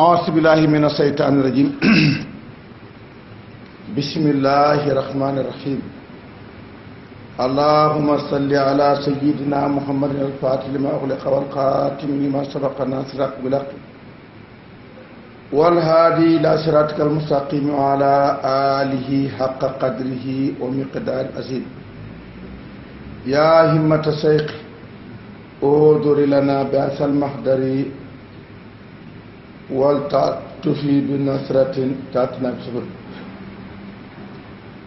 أعوذ بالله من الشيطان الرجيم بسم الله الرحمن الرحيم اللهم صل على سيدنا محمد الفاتح لما أغلق والقاتم لما سبق الناصر بالحق والهادي إلى صراطك المستقيم وعلى آله حق قدره ومقدار أزيد يا همة الشيخ أودر لنا بأس المحضر wal ta tufi bi nasratin taatina bi subur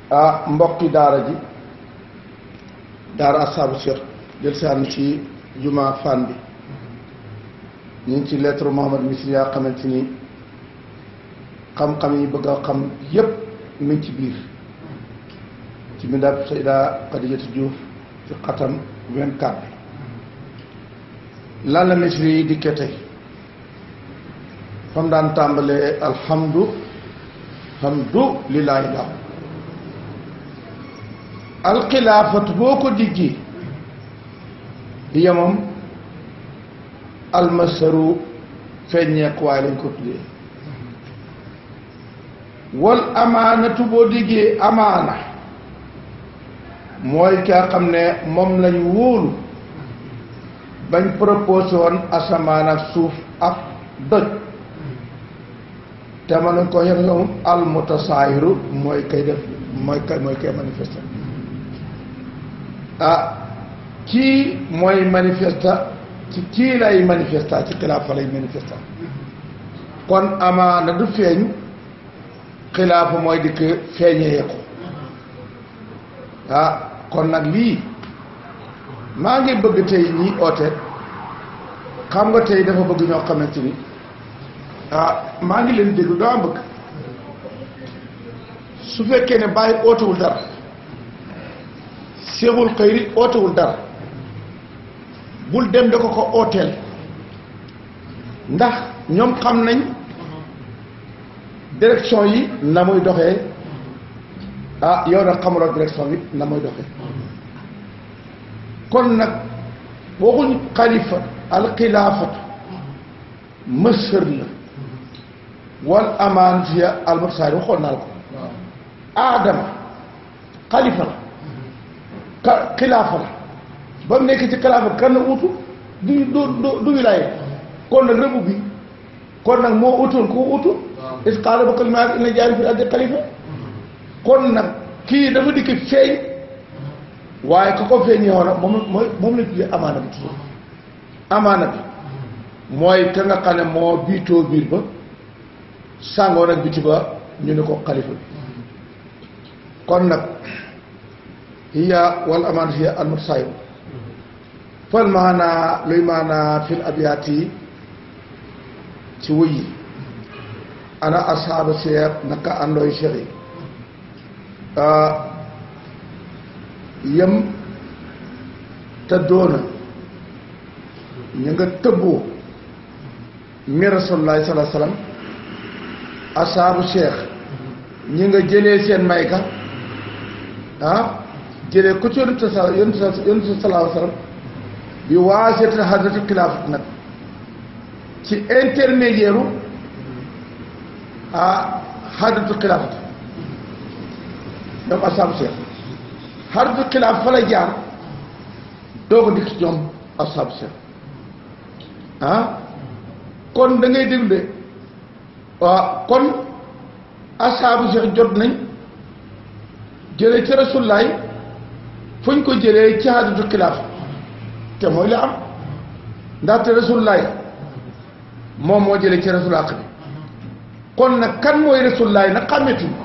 ah mbokki daara ji daara asaabu sir jël saan ci juma fan bi ñu ngi ci lettre Mouhamad Misri yaa xamante ni xam-xam yi bëgg a xam yépp mi ngi ci biir ci mbindab Sayda Xadijatu Diouf ci xatam 24 bi lan Misri yi dikkee tey fam daan tàmbalee alhamdu hamdu lillaahi la alxilaafatu boo ko diggi yemam almasaru feññeeku waaye lañ ko tuddee wal amaanatu boo diggee amaana mooy kaa xam ne moom lañu wóolu bañ proposé woon suuf ak doj te mën nañ koo yem noonu almutasaayiru mooy kay def mooy kay mooy ah kii mooy manifesta ci kii lay manifesta ci xilaafa lay manifesta kon amaana du feeñ xilaafa mooy dikk feeñee ko ah kon nag lii maa ngi bëgg tey ñii oote xam nga tey dafa bëgg ñoo xamante ni ah maa ngi leen déglu daa bëgg su fekkee ne bàyyi ootewul dara sewul xëyri ootewul dara bul dem da ko ko ooteel ndax ñoom xam nañ direction yi na muy doxee ah yow nag xamuloo direction bi na muy doxee kon nag waxuñ xalifa alxilaafatu mësër la wal amaantiya almursaari waxoon naa la ko aadama xalifa la ka xilaafa la ba mu nekk ci xilaafa kan na utu du du du kon nag rëbb bi kon nag moo utoon koo utu is qaala ba kalimaat inna jaari fi ardi xalifa kon nag kii dafa dikk feeñ waaye ka ko feeñ yow nag moom moom la tuddee amaana bi amaana bi mooy ka nga xam ne moo biitoo biir ba sàngoon ak bitti ba ñu ni ko xalifa kon nag hiya wal amaan hiya al mutasayib fal maanaa luy maanaa fil abiyaati ci wuy yi ana asxaabu seer naka àndooy seex yi ah, yem te doona ñu nga tëbboo mi rasulullahi salaa sallam asaabu cheikh ñi nga jëlee seen mayka ah jëlee ko ci yonent sa yonent sa yonent sa salaahu salaam bi waasita hadratu xilaafat nag ci intermédiaire u ah hadratu xilaafat ñoom asaabu cheikh hadratu xilaaf fa la jaar doo ko dikk ñoom asaabu cheikh ah, kon da ngay déglu waaw kon asaabu Cheikh jot nañ jëlee ci rasulaay fu ñu ko jëlee ci hadatu xilaaf te mooy la am ndaxte rasulaay moom moo jëlee ci rasulaaq kon nag kan mooy rasulaay nag xàmmetuñ ko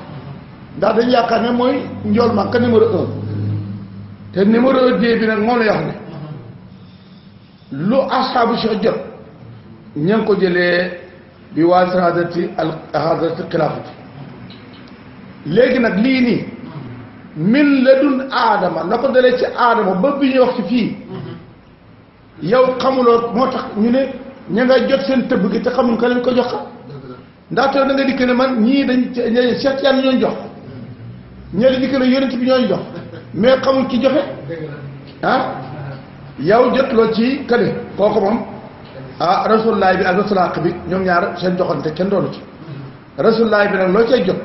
ndax dañu yaakaar ne mooy njool màkka numéro un te numéro deux bi nag moom la yoo ne lu asaabu Cheikh jot ña ko jëlee bi waa si hadrati al hadrati xilaafati léegi nag lii nii min la dun aadama na ko dalee ci aadama ba bi ñuy wax ci fii yow xamuloo moo tax ñu ne ña nga jot seen tëbb gi te xamul ka lañ ko jox ndaxte da nga dikk ne man ñii dañ seet yàlla ñooñ jox di dikk ne ci bi ñooñ jox mais xamul ci joxe ah yow lool ci kële kooku moom ah rasulullaay bi ak rasulaaq bi ñoom ñaar seen joxante kenn doonu ci rasulullaay bi nag loo cay jot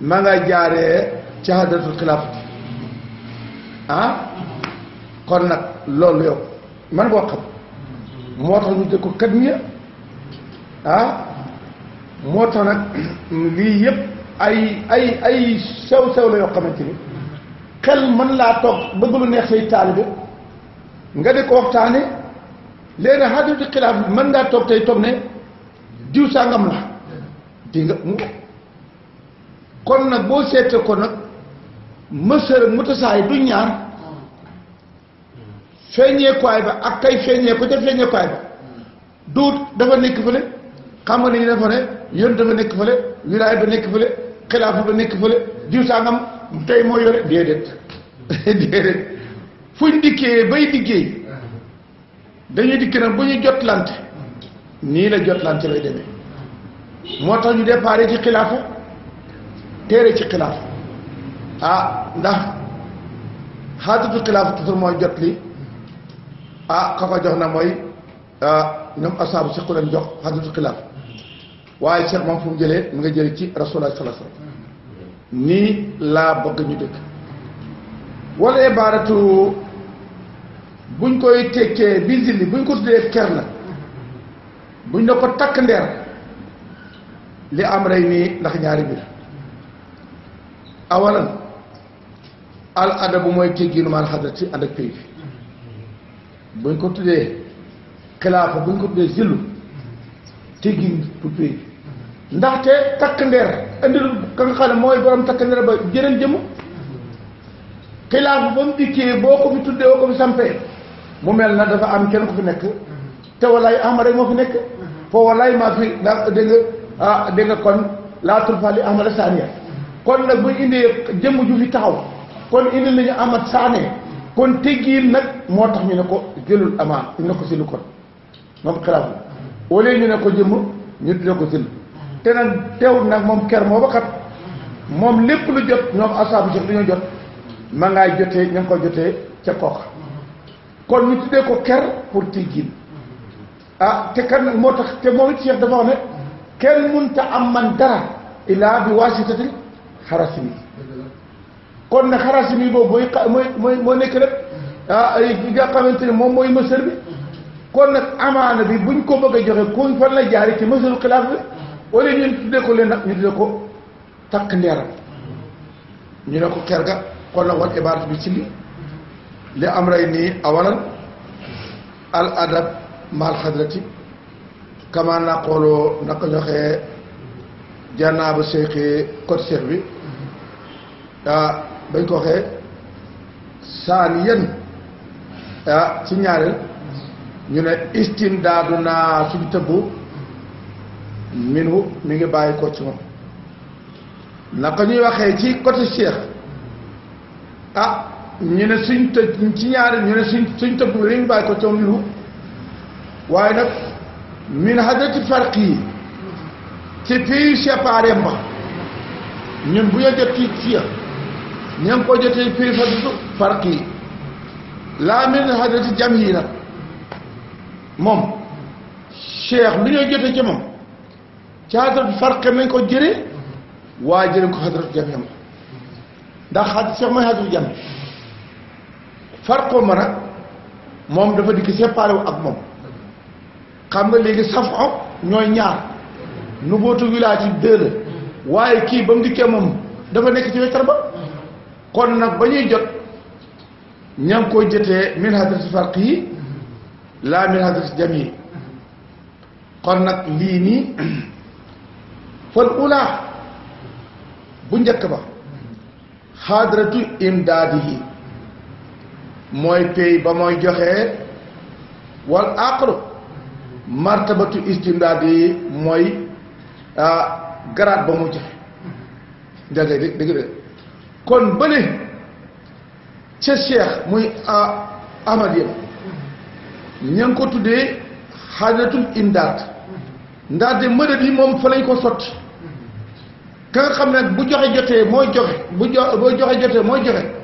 ma nga jaaree ci hadratul xilaafat ah kon nag loolu yow man boo xam moo tax ñu dëkk ko kat miya ah moo tax nag lii yëpp ay ay ay sew sew la yoo xamante ni xel mën laa toog bëgg lu neex say taalibe nga di ko waxtaane léegi nag xaajatu xilaaf mën ngaa toog tey toog ne diw sàngam la di nga mu kon nag boo seetee ko nag mësër mutasaay du ñaar feeñeekuwaay ba ak kay feeñee ko ca feeñeekuwaay ba duut dafa nekk fële xam nga ni dafa ne yoon dafa nekk fële wilaay ba nekk fële xilaafa ba nekk fële diw sàngam tey moo yore déedéet déedéet fuñ liggéey bay diggéey dañuy dikk nag bu ñu jotlante nii la jotlante lay demee moo tax ñu déparé ci xilaafa téere ci xilaafa ah ndax xaatatu xilaafa toujours mooy jot li ah ka ko jox na mooy ah, ñoom asaabu si ku leen jox xaatatu xilaafa waaye Cheikh fu mu jëlee mu nga jëlee ci rasulullah sallallahu alayhi wasallam nii laa bëgg ñu dëkk wala ibaaratu buñ koy tekkee bi zilli buñ ko tuddee ker la buñ ne ko takk ndeer li am rey nii ndax ñaari biir awalan al adabu mooy tegginu maal xadrati ànd ak pay bi buñ ko tuddee xilaafa buñ ko tuddee zillu teggin bu pay bi ndaxte takk ndeer indilul ka nga xam ne mooy borom takk ndeer ba jëneen jëmm xilaafa ba mu dikkee boo ko fi tuddee boo ko fi sampee mu mel na dafa am kenn ku fi nekk te walaay ahmad rek moo fi nekk foo walaay maa fi ndax dégg nga ah dégg nga kon laa turfali ahmad saaniya kon nag bu indee jëmm ju fi taxaw kon indi nañu ahmad saane kon teggiin nag moo tax ñu ne ko jëlul amaan ñu ne ko silu kon moom xilaaf la ñu ne ko jëmm ñu dina ko sil te nag teewul nag moom ker moo ba kat moom lépp lu jot ñoom asaabu si dañoo jot ma ngaay jotee ña ngi ko jotee ca kooka kon ñu tuddee ko ker pour teggin ah te kan moo tax te moom it Cheikh dafa wax ne kenn mënta am man dara illaa bi waasitati xarasimi na nag xarasimi boobu mooy mooy mooy moo nekk rek ah yi nga xamante ne moom mooy mësër bi kon nag amaana bi buñ ko bëgg a joxe kuñ fan la jaari ci mësëru xilaaf bi wala ñu tuddee leen nag ñu tuddee ko takk ñu ne ko ker ga ko nag wan ibarat bi ci li am rey nii awalan al adab maal xadrati kamaa xooloo naka joxee janaaba seyxi code seex bi ah bañ ko waxee saaniyan ah, ci ñaareel ñu ne istindaadu naa suñ tëbbu minu mi ngi bàyyi ko ci naka ñuy waxee ci côté seex ah ñu ne sëñ tëj ci ñaari ñu ne sëñ sëñ tëb lañ bàyyi ko ca minhu waaye nag min hadati farq yi ci pays séparé mba ñun bu ñu jot ci fiya ña ngi ko jotee pays hadatu farq yi laa min hadati jam yi nag moom cheikh lu ñuy jotee ci moom ci hadatu farq nañ ko jëre waa jëre ko hadatu jam yi ndax xad cheikh mooy hadatu jam yi farqo ma nag moom dafa dikk séparé wu ak moom xam nga léegi safxo ñooy ñaar nu bootu wilaay ci deux waaye kii bam mu dikkee moom dafa nekk ci wetar ba kon nag ba ñuy jot ña ngi koy jotee min hadrati yi laa min hadrati yi kon nag lii nii fal ulaa bu njëkk ba xaadratu imdaadi yi mooy pay ba mooy joxe wal aqru martabatu istimdaad yi mooy garaat ba mu joxe dégg nga dégg kon bële ca cheikh muy ahmad yëpp ña ngi ko tuddee xaajaratul imdaad ndaxte mëdët yi moom fa lañ ko sot ka nga xam ne bu joxe jotee mooy joxe bu jo joxe mooy joxe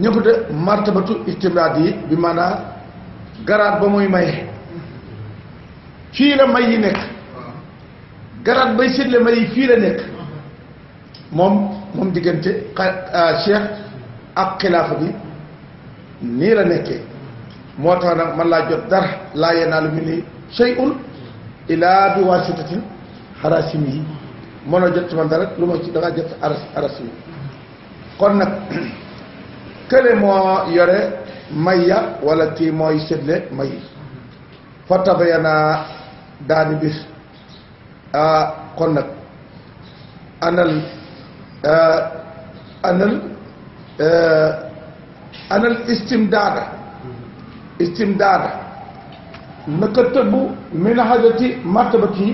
ñëpp de martabatu istimraad yi bi maanaa garaat ba muy maye fii la may yi nekk garaat bay séddale may yi fii la nekk moom moom diggante ah, cheikh ak xilaafa bi nii la nekkee moo tax nag man laa jot dara laa yenaalu mi ni shay'un ilaa bi waasitatin xaraasim yi mën a jot ci man dara lu ma dangaa jot aras yi kon nag kële moo yore may ya wala kii mooy séddle may fa tabayanaa daani bir a kon nag anal anal anal istimdaada istimdaada naka tëbb min xadati martabati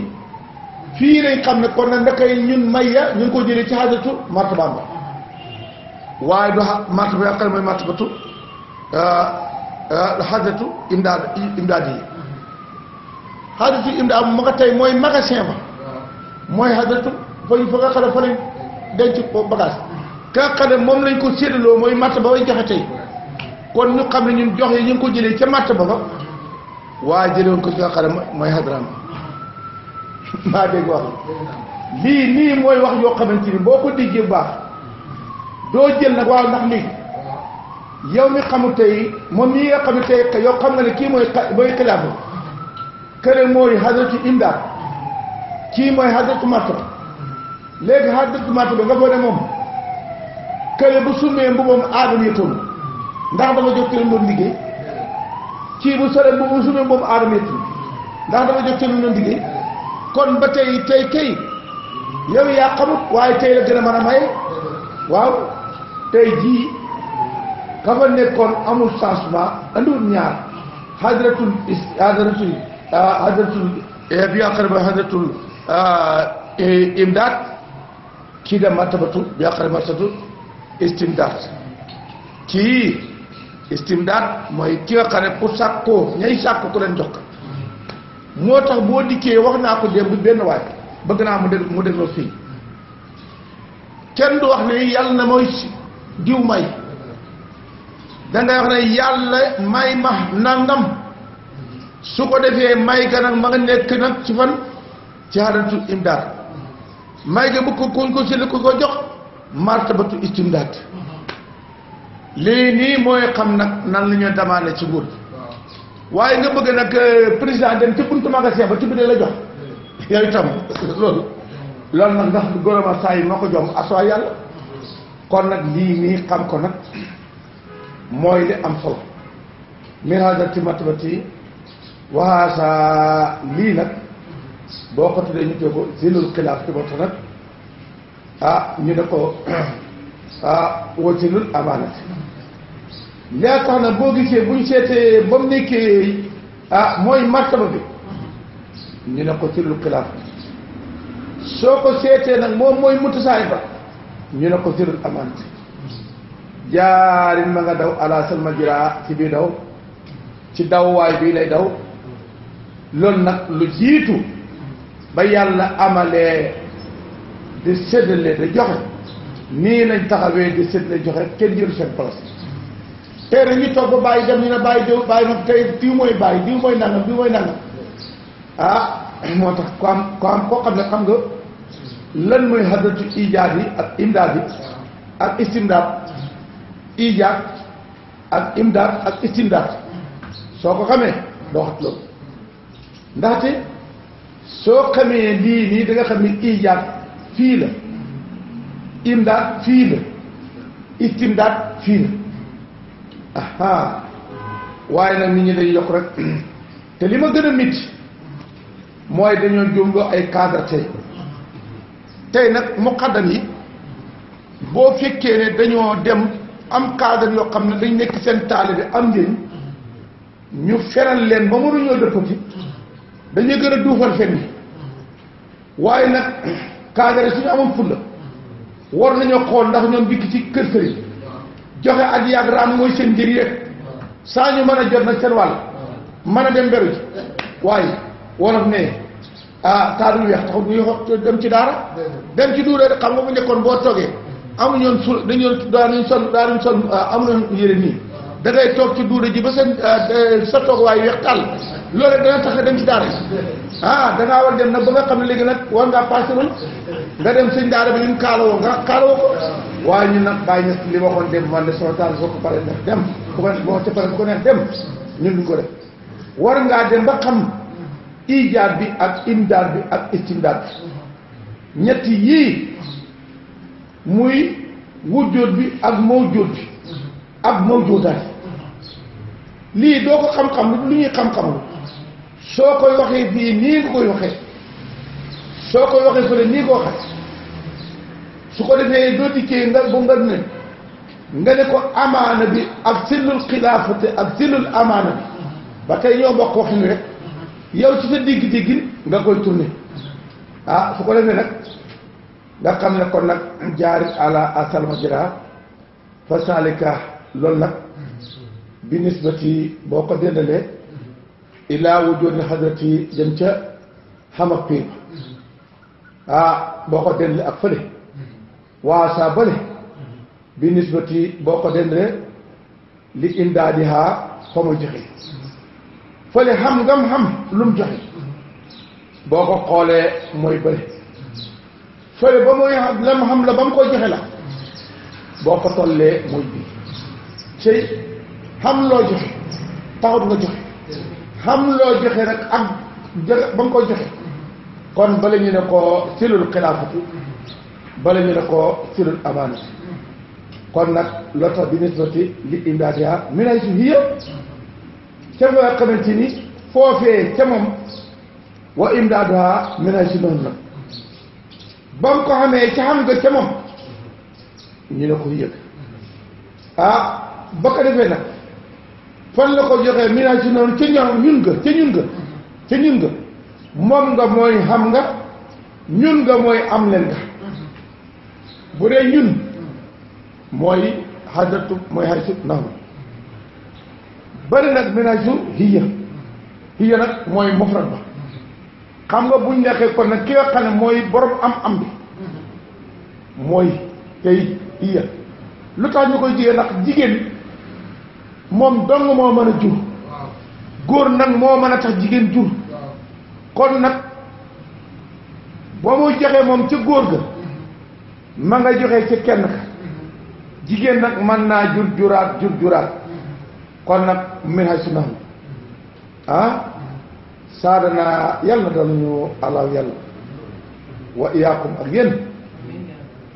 fii lañ xam ne kon nag ndakay ñun may ya ñu ngi ko jëlee ci xadatu martabaam ba waaye doo xa martaba yoo xam ne mooy martabatu ah, ah, xadratu imdaad imdaad yi xadratu imdaad ma nga tey mooy magasin ba mooy xadratu fa fa nga xam ne fa denc ko ka nga xam ne moom lañ ko séddaloo mooy martaba bay joxe tey kon ñu xam ne ñun jox yi ñu ko jëlee ca martaba ba waaye jëlee woon ko ci nga xam ne maa dégg wax lii nii mooy wax yoo xamante ni boo ko déggee baax. doo jël nag waaw ndax lii yow mi xamul tey moom mii nga xam ne tey yow xam nga ne kii mooy mooy xilaafa kële mooy hadratu imdaad kii mooy hadratu martaba léegi hadratu martaba nga foog ne moom kële bu summee mbubbam aadama yëtoon ndax dafa jóg kële doon liggéey kii bu solee bu bu summee mbubbam aadama yëtoon ndax dafa jóg kële doon liggéey kon ba tey tey kay yow yaa xamut waaye tey la gën a a maye waaw tey jii ka nekkoon amul changement andiwul ñaar hadratul is hadratul ah, hadratul eh, ah, eh, bi aqrab hadratul imdaad kii da martabatu bi aqrab martabatu istimdaad kii istimdaad mooy ki nga xam ne ku sàkkoo ñay sàkk ku leen jox moo tax boo dikkee wax naa ko démb benn waay bëgg naa mu déglu mu dégloo fii kenn du wax ne yàlla na mooy diw may dangay wax na yàlla may ma nangam su ko defee may ga nag ma nga nekk nag ci fan ci xaaratul imdaad may ga bu ko kuñ ko ko ko jox martabatu istimdaad lii nii mooy xam nag nan la ñuy demandé ci nguur waaye nga bëgg nag euh, président dem ci buntu magasin ba ci biir la jox yooyu tam loolu loolu nag ndax gouvernement saa yi moo ko jox aswa yàlla kon nag lii nii xam ko nag mooy li am solo min hadarti matabati waxaasaa lii nag boo ko tuddee ñu tee ko zilul xilaaf ti bota nag ah, ñu ne ko ah watilul amaanati yaa tax na boo gisee buñ seetee ba mu nekkee ah mooy martaba bi ñu ne ko tilul xilaaf soo ko seetee nag moom mooy mutasaay ba ñu ne ko zilul amaan jaarin ma nga daw ala salma jiraa ci biir daw ci dawwaay bii lay daw lool nag lu jiitu ba yàlla amalee di séddale di joxe nii lañ taxawee di séddale joxe kenn jël seen place tey rek ñu toog ba bàyyi dem ñu ne bàyyi diw bàyyi nag tey diw mooy bàyyi diw mooy nangam diw mooy nangam ah moo tax ku am ku am koo xam ne xam nga lan mooy hadratu ijaab yi ak imdaad yi ak istimdaad ijaab ak imdaad ak istimdaad soo ko xamee doo xat loolu ndaxte soo xamee lii nii da nga xam ni ijaab fii la imdaad fii la istimdaad fii la aha waaye nag nit ñi dañuy yokk rek te li ma gën a métti mooy dañoo jumloo ay cadre tey tey nag muqaddam yi boo fekkee ne dañoo dem am cadre yoo xam ne dañ nekk seen taalibe am njëriñ ñu feral leen ba mënuñoo dëppati dañuy gën a duufal fen yi waaye nag cadre suñu amoon fulla war nañoo xool ndax ñoom bikk ci kër sëriñ joxe ak yàgg raam mooy seen njëriñ rek saa ñu mën a jot nag seen wàll mën a dem beru waaye wolof ne ah taal weex taxul ñuy xo dem ci daara. dem ci duuree xam nga bu njëkkoon boo toggee. amuñu woon daa dañu doon daanuñ son daanuñ son ah, amuñu yére nii. da ngay toog ci duuda ji ba ah, sa sa toog waaye weex tàll loolu rek dana tax nga dem ci daara ah dangaa war dem nag ba nga xam ne léegi nag war ngaa passé woon nga dem sëñ daara bi ñu kaalawoo nga kaalawoo ko waaye ñu nag bàyyi na li waxoon dem man de sama taal boo ko paree def dem ko boo ca paree ko neex dem ñun duñ ko def war ngaa dem ba xam ijaab bi ak imdaad bi ak istimdaad bi ñetti yii muy wujjóot bi ak mawjóot bi ak mawjóotaat lii doo ko xam-xam lu ñuy xam-xam soo koy waxee fii nii nga koy waxee soo koy waxee fële nii ko waxee su ko defee doo dikkee nga bu nga ne nga ne ko amaana bi ak sillul xilaafate ak sillul amaana bi ba tey ñoo bokk waxin rek yow ci sa digg-digg nga koy tourné ah su ko defee nag nga xam ne kon nag jaarit ala asalma jira fa salika loolu nag binisbati boo ko dendalee ilaa wujooni xadrati jëm ca xam ak piir ah boo ko dendalee ak fële waa saa bële bi boo ko dendalee li indaadiha fa mu joxe fële xam ngam xam lu mu joxe boo ko xoolee mooy bëri fële ba mooy lam xam la ba mu koy joxe la boo ko tollee mooy bi tey xam loo joxe taxut nga joxe xam loo joxe nag ak joxe joxe kon bala ñu ne ko silul xilaafatu bala ñu ne ko silul amaanatu kon nag lota bi nisbati li imdaadiha minay si yëpp ca nga xamante ni foofee ca moom wa imdaaduha ménage si noonu ah ba ko defee nag fan la ko joxee ménage si noonu ca ñun nga ca ñun nga moom nga mooy xam nga ñun nga mooy am leen nga bu dee ñun mooy xadratu mooy xay sut naxu bari nag ménage hiya hiya nag mooy mufrad ba xam nga buñ nekkee kon nag ki nga xam mooy borom am-am bi mooy tey hiya lu tax ñu koy jigéen ndax jigéen moom dong moo mën a jur góor nag moo mën a tax jigéen jur kon nag boo muy joxee moom ca góor gi ma nga joxee ca kenn ka jigéen nag mën naa jur juraat jur juraat kon nag minhaj sunna la ah saadana yàlla dal ñu alaaw yàlla wa iyaakum ak yéen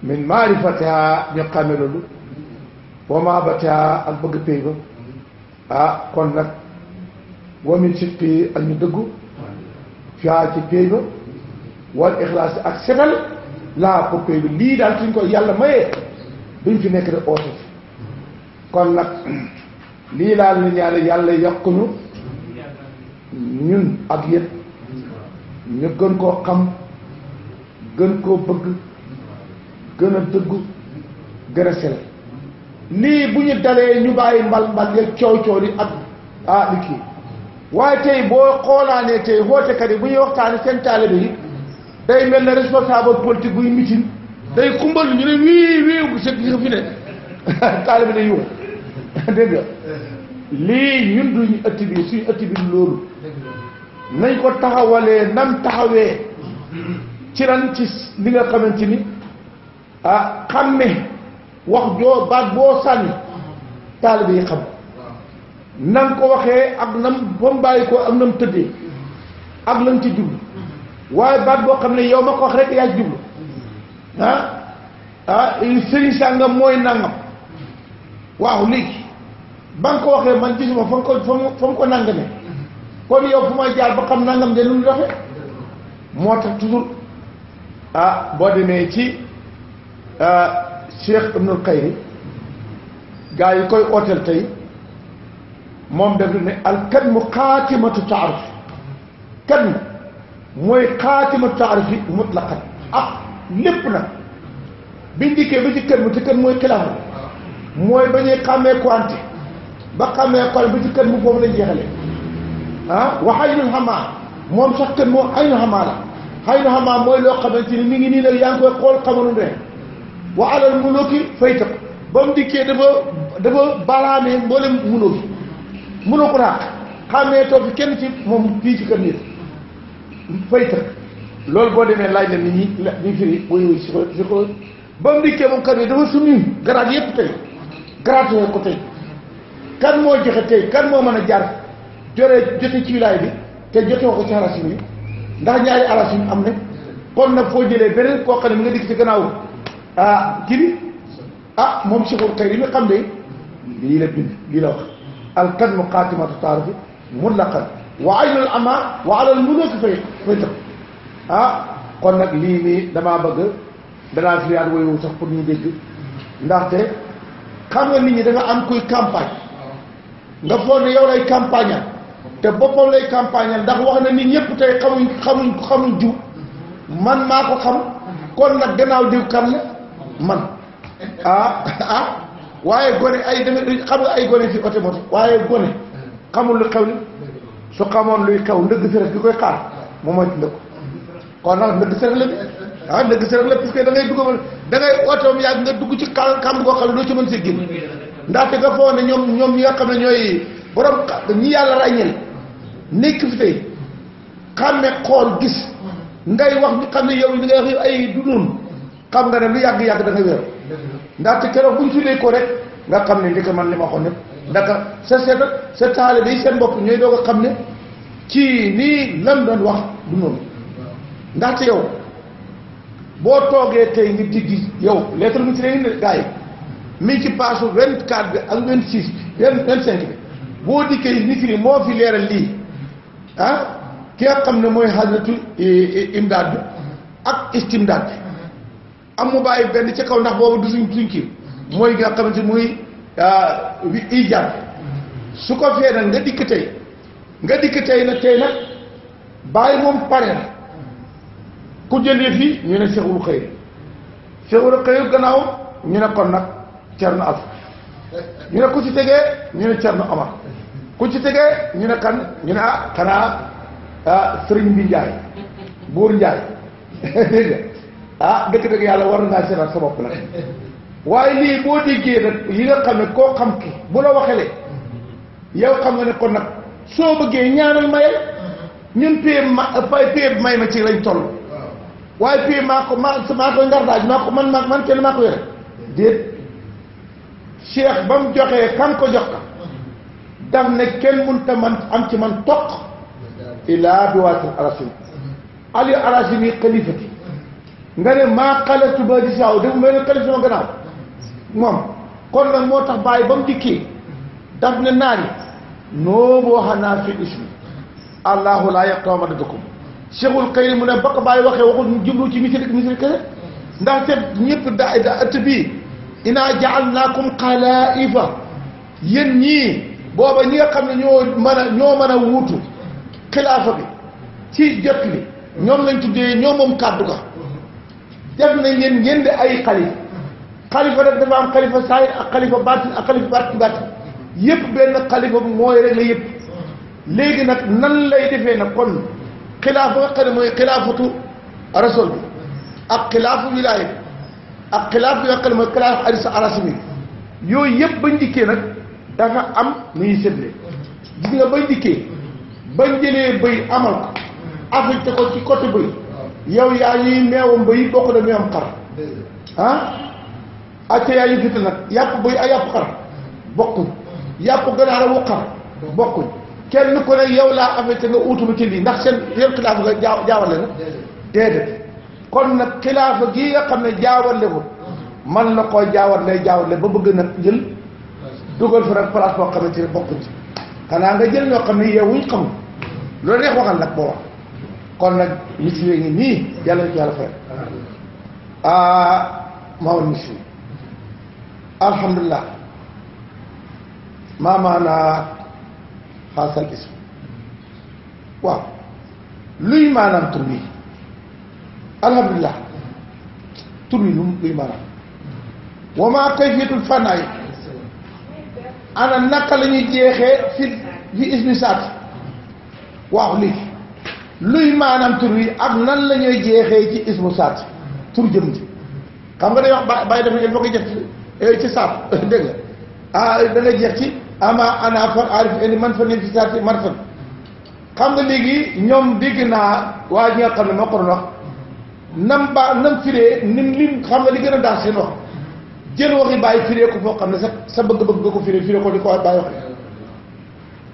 min maarifatiha ñu xame wa maabatiha ak bëgg pay ba ah, kon nag wa min sidqi ak ñu dëggu fiaa ci pay ba wal ixlaas ak setal laa ko pay bi lii daal suñ ko yàlla mayee duñ fi nekk de oote kon lii laal ni yàlla yàlla yokkuñu ñun ak yëpp ñu gën koo xam gën koo bëgg gën a dëgg gën a sel lii bu ñu dalee ñu bàyyi mbal mbal yeeg coow coow li ak ah li kii waaye tey boo xoolaanee tey wootekat yi bu ñuy waxtaane seen taalibe yi day mel na responsable politique buy mitin day kumbal ñu ne wii wii bu sëg yi fi ne taalibe day yuuxu dégg nga lii ñun duñu ëtt bi suñu ëtt bi loolu nañ ko taxawalee nam taxawee ci ran ci li nga xamante ni ah xam ne wax joo baat boo sànni taalibe yi xam nam ko waxee ak nam ba mu bàyyi ko ak nam tëddee ak lañ ci jublu waaye baat boo xam ne yow ma ko wax rek yaa jublu ah ah sëriñ mooy nangam waaw léegi ba nga ko waxee man gisuma fa nga ko fa nga ko nangame kon yow fu may jaar ba xam nangam de lu mu doxee moo tax toujours ah, boo demee ci ah, Cheikh Ibnul Xayri gaa yi koy ooteel tey moom daf ne al kadmu xaatimatu taaruf kadmu mooy xaatimatu taaruf yi mutlaqan ak lépp nag biñ dikkee bi ci kadmu te kadmu mooy xilaafa mooy ba ñuy xàmmee quantité. ba xamee xol ba ci kër mu foofu lañ jeexale ah wax wa aynul xamaa moom sax kër moom aynul xamaa la aynul xamaa mooy loo xamante ni mu ngi nii nag yaa ngi koy xool xamanum ne wa alal muluki fayta ko ba mu dikkee dafa dafa balaamee mboolem munoo fi munoo ko raaq xamee toog fi kenn ci moom fii ci kër nit fayta loolu boo demee laaj la nit ñi la ñuy firi boo si ko si ko ba mu dikkee moom kër dafa summi garaat yépp tey garaat yooyu ko tey kan moo joxe tey kan moo mën a jar joree jote ci wilaay bi te jote ko ci alasim yi ndax ñaari alasim am ne kon nag foo jëlee beneen koo xam ne mu nga dikk ci gannaaw ah, ah moom Cheikhul Khayri mi xam ne lii la bind lii la wax alkadmu xaatimatu taarifi mutlaqan wa aynul ama wa alal muluki fay fay tëx ah kon nag lii nii damaa bëgg danaa fi yaat woywu sax pour ñu dégg ndaxte xam nga nit ñi da nga am kuy campagne nga foog ne yow lay campagne te boppam lay campagne ndax wax na ni ñëpp tey xamuñ xamuñ xamuñ jiw man maa ko xam kon nag gannaaw diw kan la man ah ah waaye gone ay danga xam nga ay gone fi côté moto waaye gone xamul lu xew ni su xamoon luy xew ndëgg sërëx bi koy xaar moom mooy ndëgg kon nag ndëgg sërëx la bi ah ndëgg sërëx la parce que da ngay dugg da nga dugg ci kàmb koo xam ne doo ci mën see génn ndaxte nga foog ne ñoom ñoom ñi nga xam ne ñooy borom ñi yàlla ràññeel nekk fi tey xàmme xool gis ngay wax ñu yow li ngay wax ay du noonu xam nga ne lu yàgg yàgg da nga wér ndaxte keroog bu ñu tuddee ko rek nga xam ne li man li ma waxoon lépp ndaka sa seet sa taalibe yi seen bopp ñooy doog a xam ne ci nii lam doon wax du noonu ndaxte yow boo toogee tey ngi diggi yow lettre mu ci leen gaa yi mi ci paasu vingt quatre bi ak vingt six vingt cinq bi boo dikkee Zikri moo fi leeral lii ah ki xam ne mooy xadratu imdaad bi ak istimdaad bi am mu bàyyi benn ci kaw ndax boobu du suñ suñ kii mooy nga xamante muy ah, ijaab su ko fee nag nga dikk tey nga dikk tey nag tey nag bàyyi moom pare na ku jëlee fii ñu ne seexul xëy seexul xëy gannaaw ñu ne kon nag Cerno As ñu ne ku ci tegee ñu ne Cerno Omar ku ci tegee ñu ne kan ñu ne ah xanaa ah sëriñ bi Njaay buur Njaay dégg nga ah dëgg-dëgg yàlla war ngaa seetaat sa bopp la waaye lii boo déggee nag yi nga xam ne koo xam ki bu la waxelee yow xam nga ne kon nag soo bëggee ñaanal mayal ñun pay ma pay may ma ci lañ toll waaye pay maa ko maa maa ko ngardaaj maa man maa man maa ko yore cheikh ba mu joxee kam ko jox ka daf ne kenn munta man am ci man toq ilaa bi waatil arasim ali arasim yi xalifati nga ne maa xalatu ba di saaw def mel ne xalif sama gannaaw moom kon nag moo tax bàyyi ba mu dikkii daf ne naani nooboo xanaa fi ismi allahu laa yaqtoo ma dadakum cheikhul kayim mu ne ba ko bàyyi waxee waxul jublu ci misiri misiri kese ndax te ñëpp da da ëtt bii inaa jaalnaakum xalaa'ifa yéen ñii booba ñi nga xam ne ñoo mën a ñoo mën a wuutu xilaafa bi ci jot li ñoom lañ tuddee ñoom moom kàddu ga def nañ leen ngeen di ay xalifa xalifa def dafa am xalifa saahir ak xalifa baatin ak xalifa baatin baatin yépp benn xalifa bi mooy rek la yépp léegi nag nan lay defee nag kon xilaafa nga xam ne mooy xilaafatu rasul bi ak xilaafu wilaaya bi ak xilaaf bi nga xam ne mooy xilaaf arasimi yooyu yëpp bañ dikkee nag dafa am nu ñuy séddale gis nga bañ dikkee bañ jëlee bëy amal ko affecté ko ci côté bëy yow yaa ñuy meewam bëy bokk a meewam xar ah acca yaa ñu fital nag yàpp bëy ak yàpp xar bokkuñ yàpp ganaar a wu bokkuñ kenn ku ne yow laa affecté nga mu ci lii ndax seen yéen xilaaf nga jaaw jaawale na déedéet kon nag xilaafa gii nga xam ne jaawalewul man la koo jaawal lay jaawale ba bëgg nag jël dugal fa nag place boo xamante ne bokkuñ ci xanaa nga jël ñoo xam ne yow wuñ xamul loolu neex waxal nag boo wax kon nag misile ngi nii yàlla yàlla fay ah maawon misile alhamdulilah maamaana xaasal ism waaw luy maanaam tur bi alhamdulilah tur bi lu luy maanaam wa maa kayfiyatul fanaay ana naka la ñuy fi ismi saat waaw lii luy maanaam tur wi nan la ñuy jeexee ci ismu saat tur jëm xam nga day wax ba bàyyi dafa il faut que jëf ci eh, saat dégg nga ah jeex ci ama ana fan aarif indi man fa nen ci saat man fan xam nga léegi ñoom dégg naa waa ñi nga xam ne wax nam ba nam firee nim lim xam nga li gën a daal seen wax jël waxi bàyyi firee ko foo xam ne sa sa bëgg-bëgg nga ko firee firee ko di ko bàyyi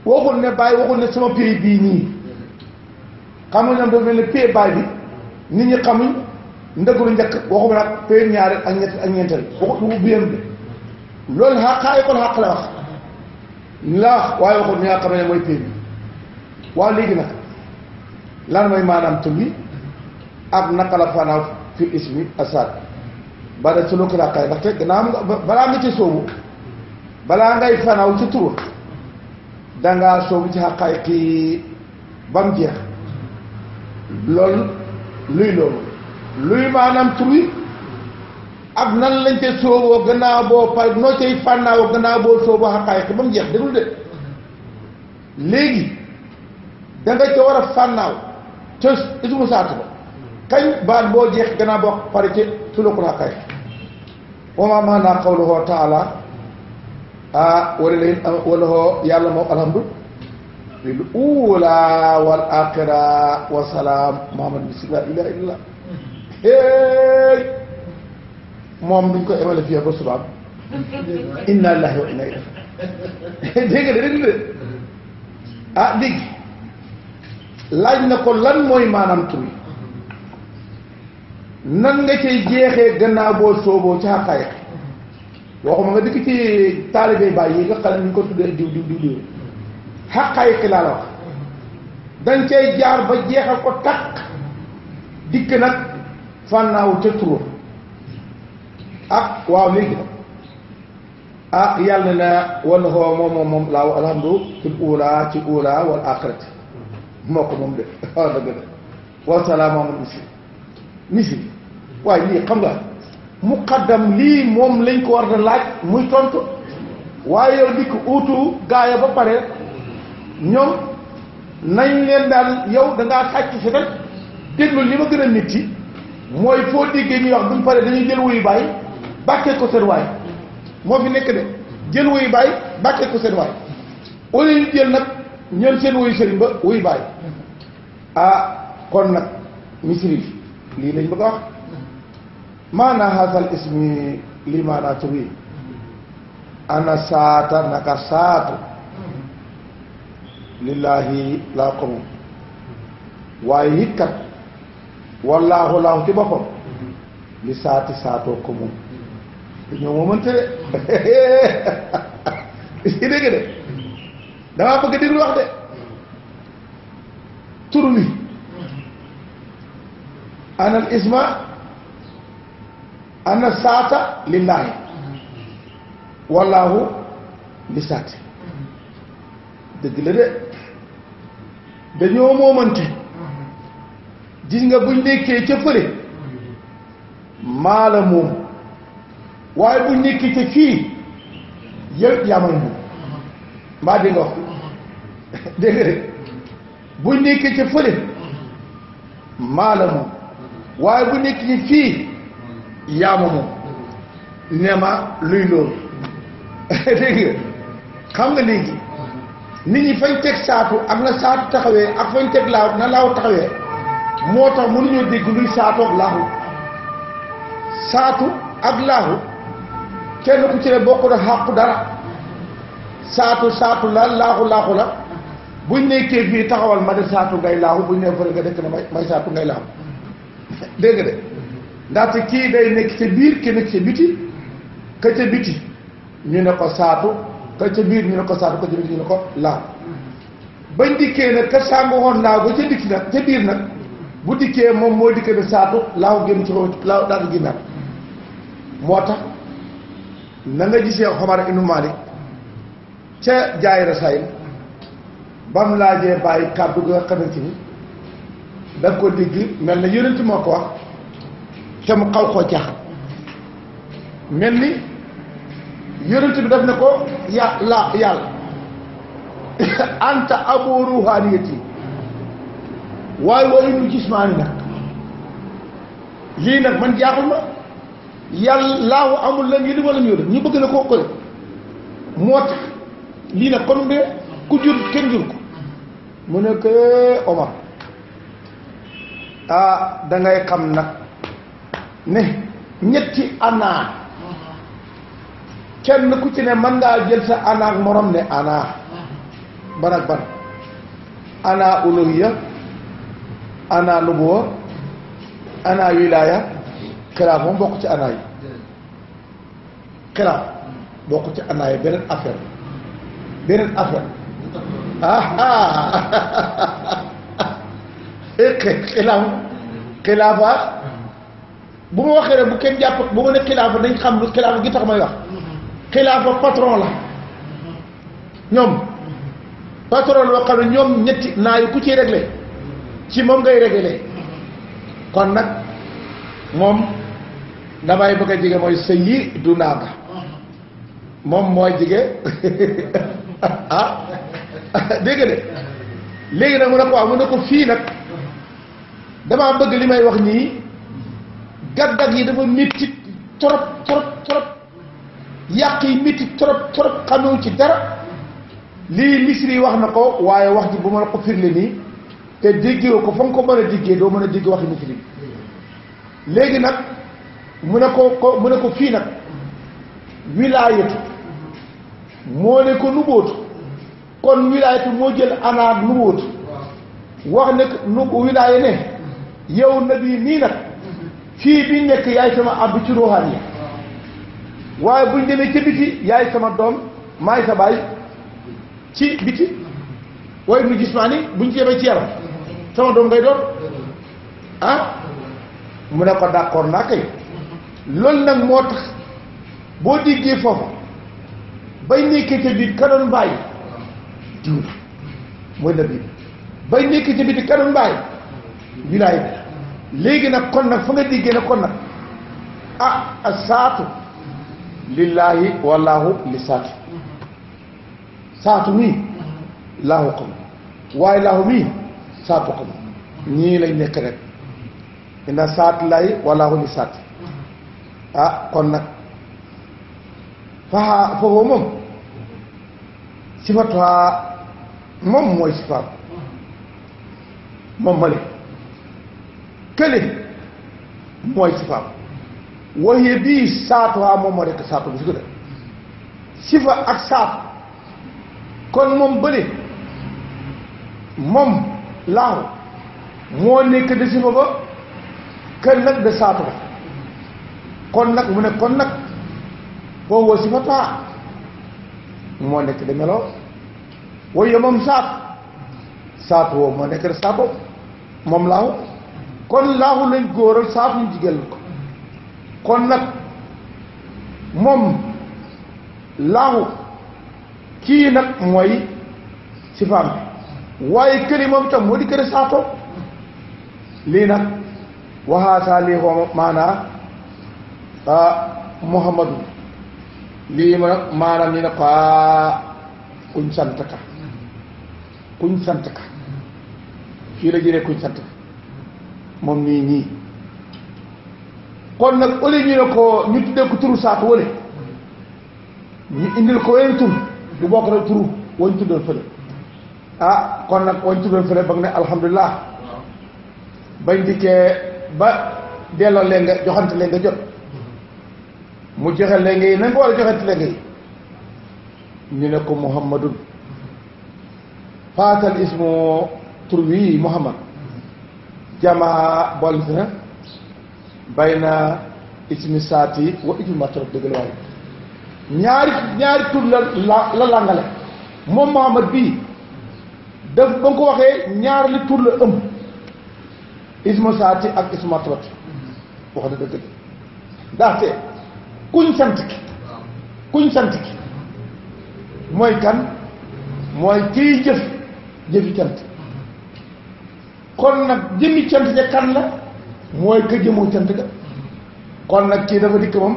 wax waxul ne bàyyi waxul ne sama prix bii nii xam nga mel ne prix bi nit ñi xamuñ ndëgul nag ñett ak ñeenteel waxu bu bien bi loolu xaq xaa école la wax mooy prix bi waaw léegi nag lan mooy maanaam tur ab naka la fanaaw fi ismi asad ba da sulu kilaqaay ndaxte gannaaw balaa nga ci soobu balaa ngay fanaaw ci tur dangaa soobu ci xaqaay kii ba mu jeex loolu luy loolu luy maanaam tur yi ak nan lañ te sooboo gannaaw boo par noo cay fànnaaw gannaaw boo sooboo xaqaay ki ba mu jeex déglu de léegi da nga ca war a fànnaaw ca ismu saat ba kañ baat boo jeex gannaaw boo pare ci tulukuna kañ wa maa maanaa taala ah wala leen wala hoo yàlla moom alhamdu lil uula wal aaxira wa salaam muhammad bi laa ilaaha illallaah héey moom duñ ko emale fii ba subaab inna lillahi wa inna ilayhi dégg nga dégg nga ah laaj na lan mooy maanaam tur nan nga cay jeexee gannaaw boo sooboo ci xaqaayiq waxuma nga dikk ci taalibe bàyyi yi nga xam ne ñu ko tuddee diw diw diw diw xaqaayiq laa la wax dañ cay jaar ba jeexal ko takk dikk nag fànnaaw ca turam ah waaw léegi nag ah yàlla na wan xoo moom moom moom laaw alhamdu fil uulaa ci uulaa wal aaxirat moo ko moom de waaw dëgg la wasalaamaaleykum misiri waaye lii xam nga mu muqaddam lii moom lañ ko war na laaj muy tontu waaye yow dikk uutu gaaya ba pare ñoom nañ leen daal yow da ngaa sàcc si nag déglu li ma gën a métti mooy foo déggee ñuy wax buñ pare dañuy jël wuyu bàyyi bàkkee ko seen waay moo fi nekk de jël wuyu bàyyi bàkkee ko seen waay au lieu ñu jël nag ñoom seen wuyu sëriñ ba wuyu bàyyi ah kon nag misiri bi lii lañ bëgg a wax maanaa hasal ismi lii maanaa tur yi ana saata naka lillaahi laa ko waaye it kat wallaahu laahu ci boppam li saati saatoo ko moom ñoo moo de is ki de damaa bëgg déglu wax de tur ana al isma ana saata lillahi wallaahu li dëgg la de dañoo moomante gis nga buñ nekkee ca fële maa la moom waaye buñ nekkee ca fii yëpp yaa moom mbaa di wax dégg nga buñ nekkee ca fële maa la moom waaye bu nekki ni fii yaa ma moom ne ma luy loolu dégg nga xam nga léegi nit ñi fañ teg saatu am na saatu taxawee ak fañ teg laaw na laaw taxawee moo tax mënuñoo dégg luy saatu ak laahu saatu ak laahu kenn ku ci ne bokk na xàqu dara saatu saatu la laaxu laaxu la buñ nekkee fii taxawal ma ne saatu ngay laaxu buñ ne fële nga dëkk na may may saatu ngay laaxu dégg nga de ndaxte kii day nekk ca biir ki nekk ca biti ka biti ñu ne ko saatu ka ca biir ñu ne ko saatu ka ca biti ñu ne ko laaw bañ dikkee nag ka sàngu woon ba ca dikki nag biir nag bu dikkee moom moo dikkee ne saatu laaw génn ci laaw daal di génnaat moo tax na nga gisee Omar ibn ca jaay rasaayil ba mu laajee bàyyi kàddu gi nga ni da nga ko dégg mel na yonent moo ko wax te mu xaw koo jaaxal mel ni yonent bi daf ne ko ya la yàlla anta abu ruhaniyati waaye wala ñu jismaani nag lii nag man jaaxul ma yàlla laahu amul lan yi di wala ñu ñu bëgg na koo kole moo tax lii nag kon ku jur kenn jur ko mu ne Omar ah da ngay xam nag ne ñetti ana kenn ku ci ne mën ngaa jël sa ana ak morom ne ana ban ban ana uluhiya ana nubuwa ana wilaya xilaaf moom bokk ci ana yi xilaaf bokk ci ana beneen affaire beneen affaire ah, ah. Eh, xilaaf xilaafa bu ma waxee rek bu kenn jàpp bu ma ne xilaafa dañ xam lu xilaafa gi tax may wax xilaafa patron la ñoom patron la boo xam ne ñoom ñetti naa yu ku ciy réglé ci moom ngay réglé kon nag moom damay bëgg a jege mooy sëyi du naa ba moom mooy jege ah dégg de léegi nag mu ne ko waaw mu ne ko fii nag damaa bëgg li may wax nii gàddag yi dafa métti trop trop trop yàq yi métti trop trop ci dara lii misri wax na ko waaye wax ji bu ma la ko firle nii ko fa nga ko mën a déggee doo mën a léegi nag mu ne ko ko mu ne ko fii nag wilaayatu moo ne ko nubóotu kon wilaayatu moo jël anaat nubóotu wax ne nu wilaaya ne yow nabi nii nag fii bi nekk yaay sama àbb ci ruuxaan yi waaye buñ demee ca biti yaay sama doom maay sa baay ci biti waaye mu gis maa ni buñ ci demee ci yaram sama doom ngay doon ah mu ne ko d'accord naa kay loolu nag moo tax boo déggee foofu bay nekkee ca biir ka doon bàyyi diw la mooy nabi bay nekkee ca biti ka doon wilaay bi léegi nag kon nag fa nga déggee ne kon nag ah saatu lillaahi wallaahu li saatu saatu mii laahu xam waaye laahu mii saatu xam ñii lañ nekk rek ina saat lay wallaahu li saat ah kon nag faxaa foofu moom sifatuwaa moom mooy sifaat moom male kële mooy sifaam waxee bii saatuwaa moom moo nekk saatu bu si gën a sifa ak saatu kon moom bële moom laaxu moo nekk de sifa ba kër nag de saatu ba kon nag mu ne kon nag foo woo sifa taa moo nekk de meloo waaye moom saatu saatu woo moo nekk de saatu moom laaxu kon laahu lañ góoral saafuñ jigéen la ko kon nag moom laahu kii nag mooy sifaam bi waaye këli moom itam moo di këri saato lii nag waxaasaa lii xoo maanaa muhammadu lii ma maanaa ñu ne ko kuñ sant ka kuñ sant ka la jëlee kuñ sant moom nii ñii kon nag au lieu ñu ne ko ñu tuddee ko turu saako wële ñu indil ko weneen tur bu bokk na turu wañ tuddoon fële ah kon nag wañ tuddoon fële ba nga ne alhamdulilah ba dikkee ba delloo leen nga joxante leen nga jot mu joxe leen nga yi na nga war a joxante leen yi ñu ne ko muhammadun faatal ismu tur wi muhammad jamaa boole na bay na ismi saati wa ismi matraf dëggal waaye ñaari ñaari tur la la làngale moom Muhammad bii daf ba nga ko waxee ñaari li tur la ëmb ismi saati ak ismi matraf wax na dëgg ndaxte kuñ sant ki kuñ sant ki mooy kan mooy kiy jëf jëfi cant kon nag jëmmi cant ja kan la mooy ka jëmoo cant ga kon nag kii dafa dikk moom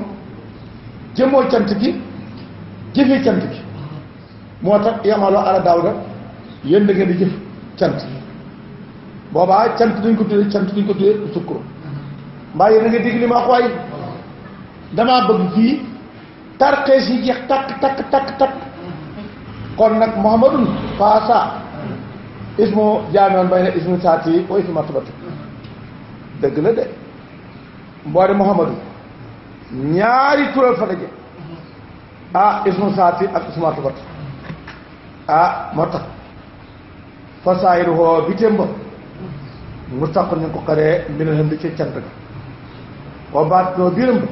jëmoo cant gi jëfee cant gi moo tax yamaloo ala daaw da yéen da ngeen di jëf cant boobaa cant duñ ko tuddee cant duñ ko tuddee sukkur mbaa yéen a nga dégg li ma wax damaa bëgg fii tarxees yi jeex takk takk takk takk kon nag Muhammadun faasa ismu jaamion bay na ismu saat yi wa ismu martabati dëgg la de mboole Muhammadu ñaari tural fa daje ah ismu saat ak ismu martabati ah moo tax fa saayiru hoo bi ba mu taq ñu ko xaree mbina di ci cant ga wa baat noo biiram ba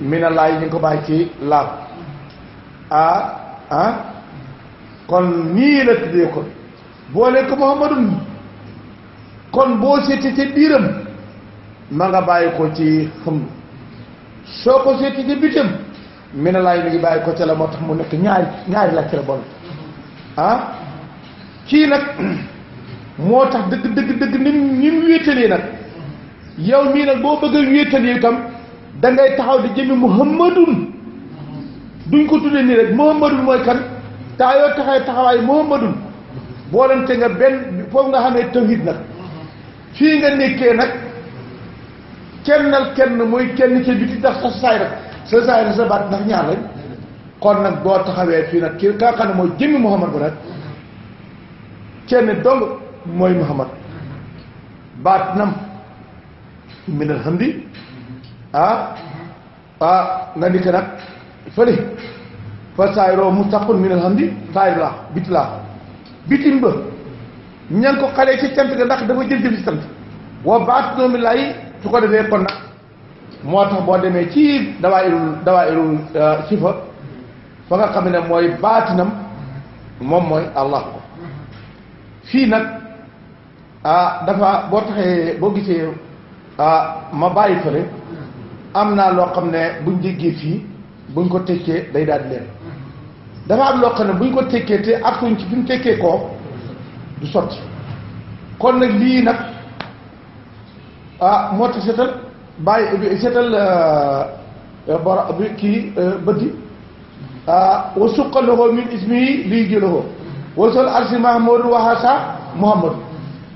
mina laay ñu ko bàyyi ci laab ah ah kon nii la tuddee kon boole ko Muhammadun kon boo seeti ca biiram ma nga bàyyi ko ci xam soo ko seeti ca bitam mi ne laay mi ngi bàyyi ko ca la moo tax mu nekk ñaari ñaari làkk la bon ah kii nag moo tax dëgg dëgg dëgg ni ni mu wéetalee nag yow mii nag boo bëgg a wéetalee itam da ngay taxaw di jëmi muhammadun duñ ko tuddee nii rek muhammadun mooy kan taa yoo taxawee taxawaay muhammadun boolante nga benn foofu nga xamee tawhid nag fii nga nekkee nag kennal kenn mooy kenn ci biti ndax sa saay rek sa saay rek sa baat ndax ñaar lañ xool nag boo taxawee fii nag ki ka xam ne mooy jëmmi Muhammad bu nag kenn dong mooy Muhammad baat nam min alhamdi ah ah nga ni nag fële fa saay roo mustaqul min alhamdi saay laa biti laa bitim ba ñan ko xalee ci cant ga ndax dafa jënd ci cant wa baat lay su ko defee kon nag boo demee ci dawaa irul dawaa irul euh, nga xam ne mooy baatinam moom mooy allah ko fii nag ah dafa boo taxee boo gisee ah, ma bàyyi fële am naa loo xam ne buñ déggee fii buñ ko tekkee day daal di leen dafa am loo xam ne bu ñu ko tekkee te aktuñ ci fi mu tekkee koo du sotti kon nag lii nag ah moo tax seetal bàyyi eh, seetal eh, eh, bora bi kii bëddi ah, wa suqaloxoo min ismi lii jëloxoo wa sol arsi mahamadou waxasa mouhamadou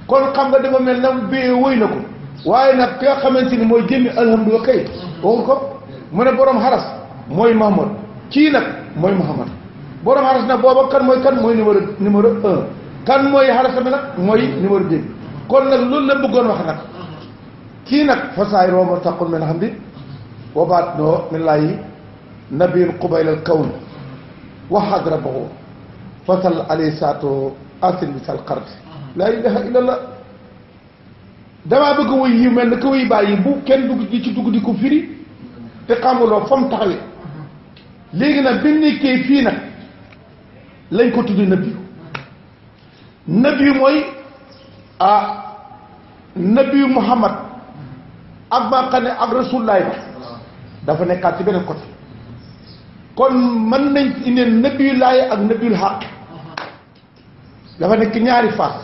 kon xam nga dafa mel na bee wëy na ko waaye nag ki nga xamante ni mooy jëmmi alhamdulilah kay waxul ko mu ne borom xaras mooy mahamad kii nag mooy muhammad borom xaras nag booba kan mooy kan mooy numéro numéro un kan mooy xaras bi nag mooy numéro deux kon nag loolu la bëggoon wax nag kii nag fa saay wa baat doo min laayi nabil qubayl al kawn wa xadrabahu fasal ali saato asil bi sal xardi laa ilaha illa allah damaa bëgg wuy yi mel ne que kenn dugg di ci dugg di ko firi te xamuloo fam taxawe léegi nag bi nekkee fii nag lañ ko tudd nabiyu nabiyu mooy ah nabiyu muhammad ak ba xam ne ak rasulaay ba dafa nekkaat ci beneen côté kon mën nañ indi nabiyu laay ak nabiyul xaq dafa nekk ñaari faas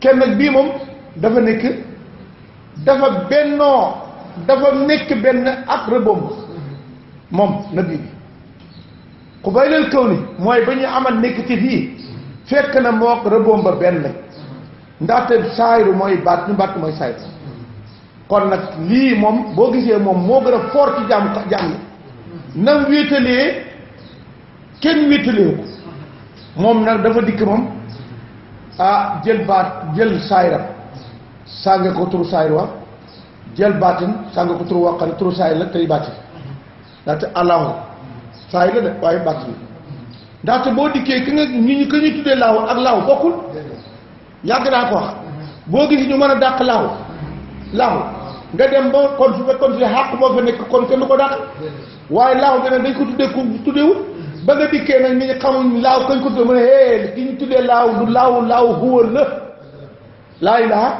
kenn nag bii moom dafa nekk dafa bennoo dafa nekk benn ak rëbomb moom nabi bi xubaylal kaw ni mooy ba ñu amal nekk ci fii fekk na mook rëbboom ba benn lañ ndaxte saayiru mooy baat ñu baat mooy saayiru kon nag lii moom boo gisee moom moo gën a fort ci jàmm jàmm nam wéetalee kenn wéetalee ko moom nag dafa dikk moom ah, jël baat jël saayiram sànge ko turu saayir wa jël baatin sànge ko turu waqal turu saayir la tey baatin ndaxte allahu saa yi la de waaye baat bi ndaxte boo dikkee ki nga ñu ñu ñu tuddee laaw ak laaw bokkul yàgg naa ko wax boo gis ñu mën a dàq laaw laaw nga dem ba kon su fekkoon si xàq moo nekk kon kenn du ko dàq waaye laaw beneen dañ ko tuddee ku tuddewul ba nga dikkee nag ñu xamuñ laaw kañ ko tuddee mu ne hee ki ñu tuddee laaw laaw laaw huwa la laa ilaha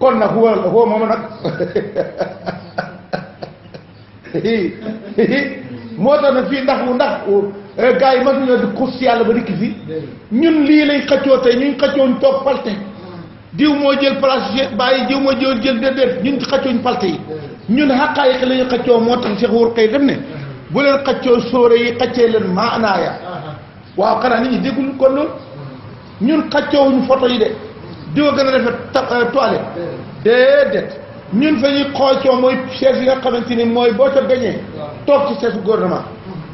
kon na huwa la huwa moom nag moo tax nag fii ndax ndax eh, gars yi mas ñoo di xus yàlla ba dikk fi ñun lii lañ xëccoo tey ñun xëccooñ toog palte diw moo jël place bàyyi diw moo jël jël déedéet ñun xëccooñ palte yi ñun xaqaayiq la ñu xëccoo moo tax Cheikh Wóor Kay dem ne bu leen xëccoo sóore yi xëccee leen maanaaya waaw xanaa nit ñi déggul kon loolu ñun xëccoowuñu photo yi de diw a gën a rafet euh, toilette déedéet ñun fa ñuy xoocoo mooy chef yi nga xamante ni mooy boo ca gañee toog ci chefu gouvernement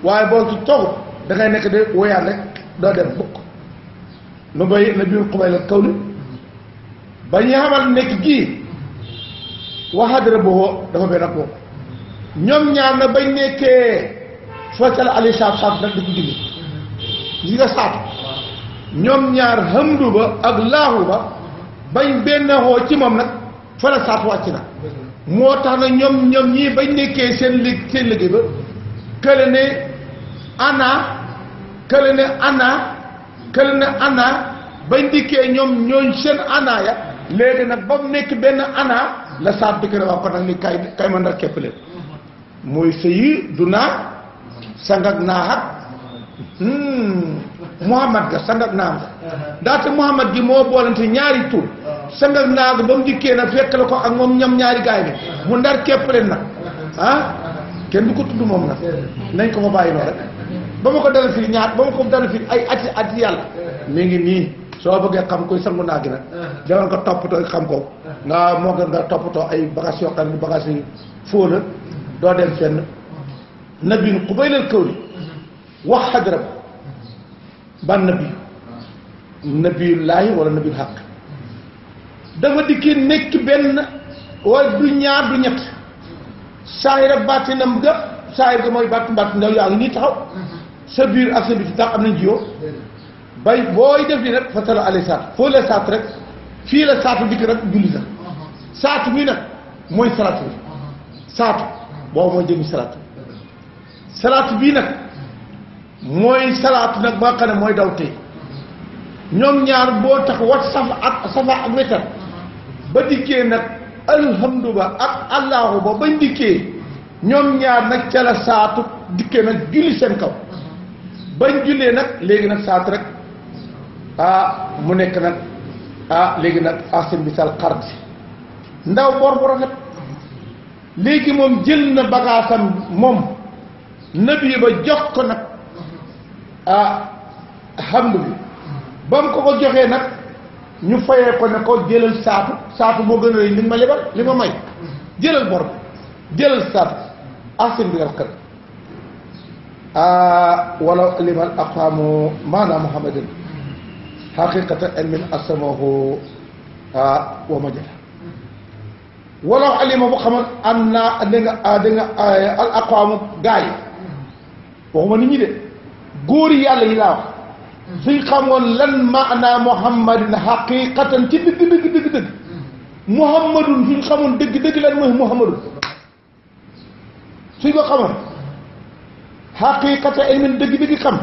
waaye boo ci toogut da nekk de woyaat rek doo dem bukk nu bay na biir xubay la kaw ni ba ñu nekk gii waxaadara boobu dafa benn ak ñoom ñaar na bañ nekkee footal ali saab saab nag di ko julli yi nga saab ñoom ñaar hamdu ba ak laahu ba bañ benn xoo ci moom nag falasaat wàcc na moo tax na ñoom ñoom ñii bañ nekkee seen lig seen liggéey ba kële ne ana kële bañ dikkee ñoom ñooñ seen ana ya léegi nag ba mu nekk benn ana la saat bi kër waa kon nag ni kay kay ma ndar képp leen mooy sëyi du naa sangak naa ak hmm, muhammad ga sangak naam ga ndaxte muhammad gi moo boolante ñaari tur sangal naagu ba mu dikkee na fekk la ko ak moom ñam ñaari gaay bi mu ndar képp leen nag ah kenn du ko tudd moom nag nañ ko ma bàyyi loo rek ba ma ko dal fii ñaar ba ma ko dal fii ay ati ati yàlla mi ngi nii soo bëggee xam koy sangu naag gi nag demal nga toppatoo xam ko nga moo gën nga toppatoo ay bagage yoo xam ne bagage yi fóo la doo dem fenn nabiin ku bay leen wax xajara ban nabi nabiyullaahi wala dafa dikki nekk benn wala du ñaar du ñett saahir batinam ga saahir ga mooy bàttu bàttu ndaw yaa ngi nii taxaw sa biir ak sa biti tax am nañ jiyoo bay booy def li nag fa tara ale saat foo la saat rek fii la saatu dikk rek julli na saatu mi nag mooy salaatu bi saatu boobu mooy jëmi salaatu salaatu bii nag mooy salaatu nag ba nga xam ne mooy daw tey ñoom ñaar boo tax wat safa ak safa ak wetar ba dikkee nag alhamdu ba ak allahu ba bañ dikkee ñoom ñaar nag ca la saatu dikkee nag julli seen kaw bañ jullee nag léegi nag saatu rek ah mu nekk nag ah léegi nag asim bi sal xarat ndaw bor bu rafet léegi moom jël na bagaasam moom nabi ba jox ko nag ah hamdu bi ba mu ko ko joxee nag ñu fayee ko ne ko jëlal saatu saatu moo gën a rëy li ma lebal li ma may jëlal bor jëlal saatu asin bi ngal xel ah wala liman aqaamu maana muhammadin xaqiqatan ilmin asamahu ah wa ma jëla wala alima bu xamal al aqaamu gaa yi waxuma nit ñi de góori yàlla yi laa wax Mm-hmm. suñ xamoon lan maanaa muhammadin xaqiqatan ci dëgg dëgg dëgg dëgg mm-hmm. muhammadun suñ xamoon dëgg lan mooy muhammadun suñ ko xamoon xaqiqata ilmin dëgg dëgg xam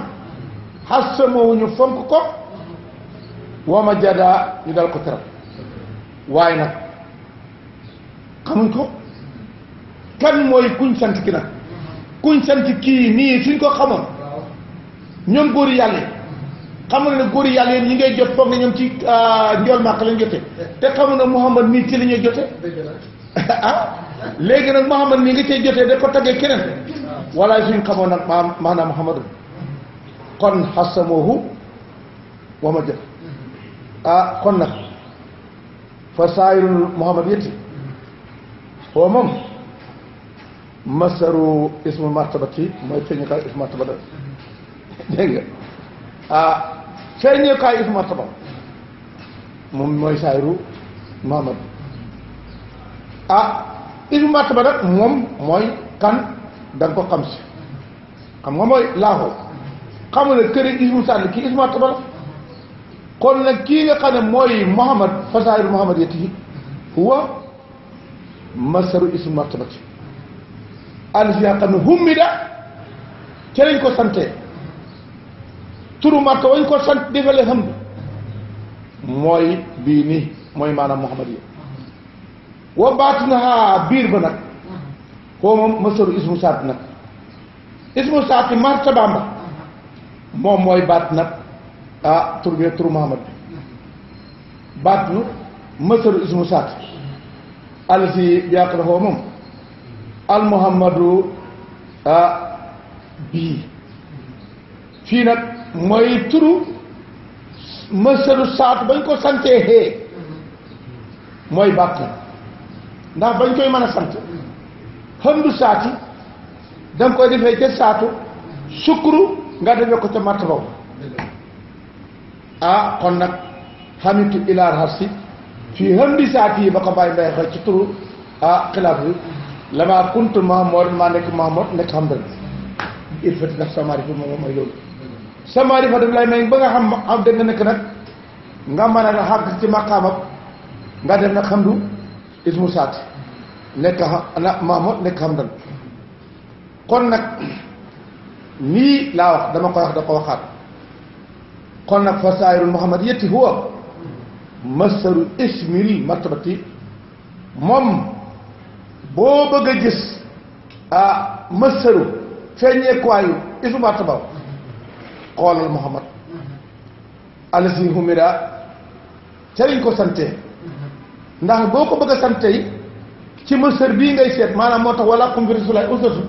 xasamawuñu fonk ko mm-hmm. wama jadaa ñu dal ko teral waaye nag xamuñ ko kan mooy kuñ sant ki nag kuñ sant kii nii ko xamoon ñoom góor yàlla xamul ne góor yàlla yéen ñi ngay jot foog ne ñoom ci euh, njool màkk lañ jote te xamul ne Mouhamad mii ci la ñuy jote ah léegi nag Mouhamad mii nga cee jotee da ko taggee keneen walaay suñ xamoon nag maam maanaam Mouhamadu kon xasamoohu wa ma jëf ah kon nag fa saayirul Mouhamad yetti foo moom masaru ismu martabati mooy feeñu kaay ismu martabati dégg nga ah sëriñee kaay is martaba moom mooy saayiru Muhammad ah is moom mooy kan da nga ko xam si xam nga mooy laaxoo xamu ne këri ismu sànni kii is martaba la kon nag kii nga xam ne mooy Muhammad fa saayiru Muhammad yetihi huwa masaru ismu martabati alif yaa xam ne hummida ko sante turu màkka wañ ko sant defale xam mooy bii nii mooy maanaam muhammad yi wa baat na biir ba nag koo moom masaru ismu saat nag ismu saat martabaam ba moom mooy baat nag ah tur bi turu muhammad bi baat nu masaru ismu saat al si yàq la koo moom al muhammadu ah bii fii nag mooy turu mësalu saat bañ ko santee xee mooy bàtt ndax bañ koy mën a sant xëndu saati da nga koy defee ca saatu sukkuru nga defee ko ca martaba ba ah kon nag xamitu ilaar xarsi fii xëndi saati yi ba ko bàyyi mbay xel ci turu ah xilaaf bi lama kuntu mahamor ma nekk mahamor nekk xam dan il fati naf samari fi moom mooy loolu sa maarifa daf lay may ba nga xam am nekk nag nga mën a xàgg ci maqaamam nga def nag xam du ismu saat nekk maamo nekk xam dan kon nag nii laa wax dama ko wax da ko waxaat kon nag fa saayirul muhammad yetti huwa masaru ismil martabati moom boo bëgg a gis ah masaru feeñeekuwaayu ismu martaba xoolal Muhammad alasi humida ca lañ ko santee ndax boo ko bëgg a sante yi ci mësër bii ngay seet maanaam moo tax wala kum bi rasulaay usatu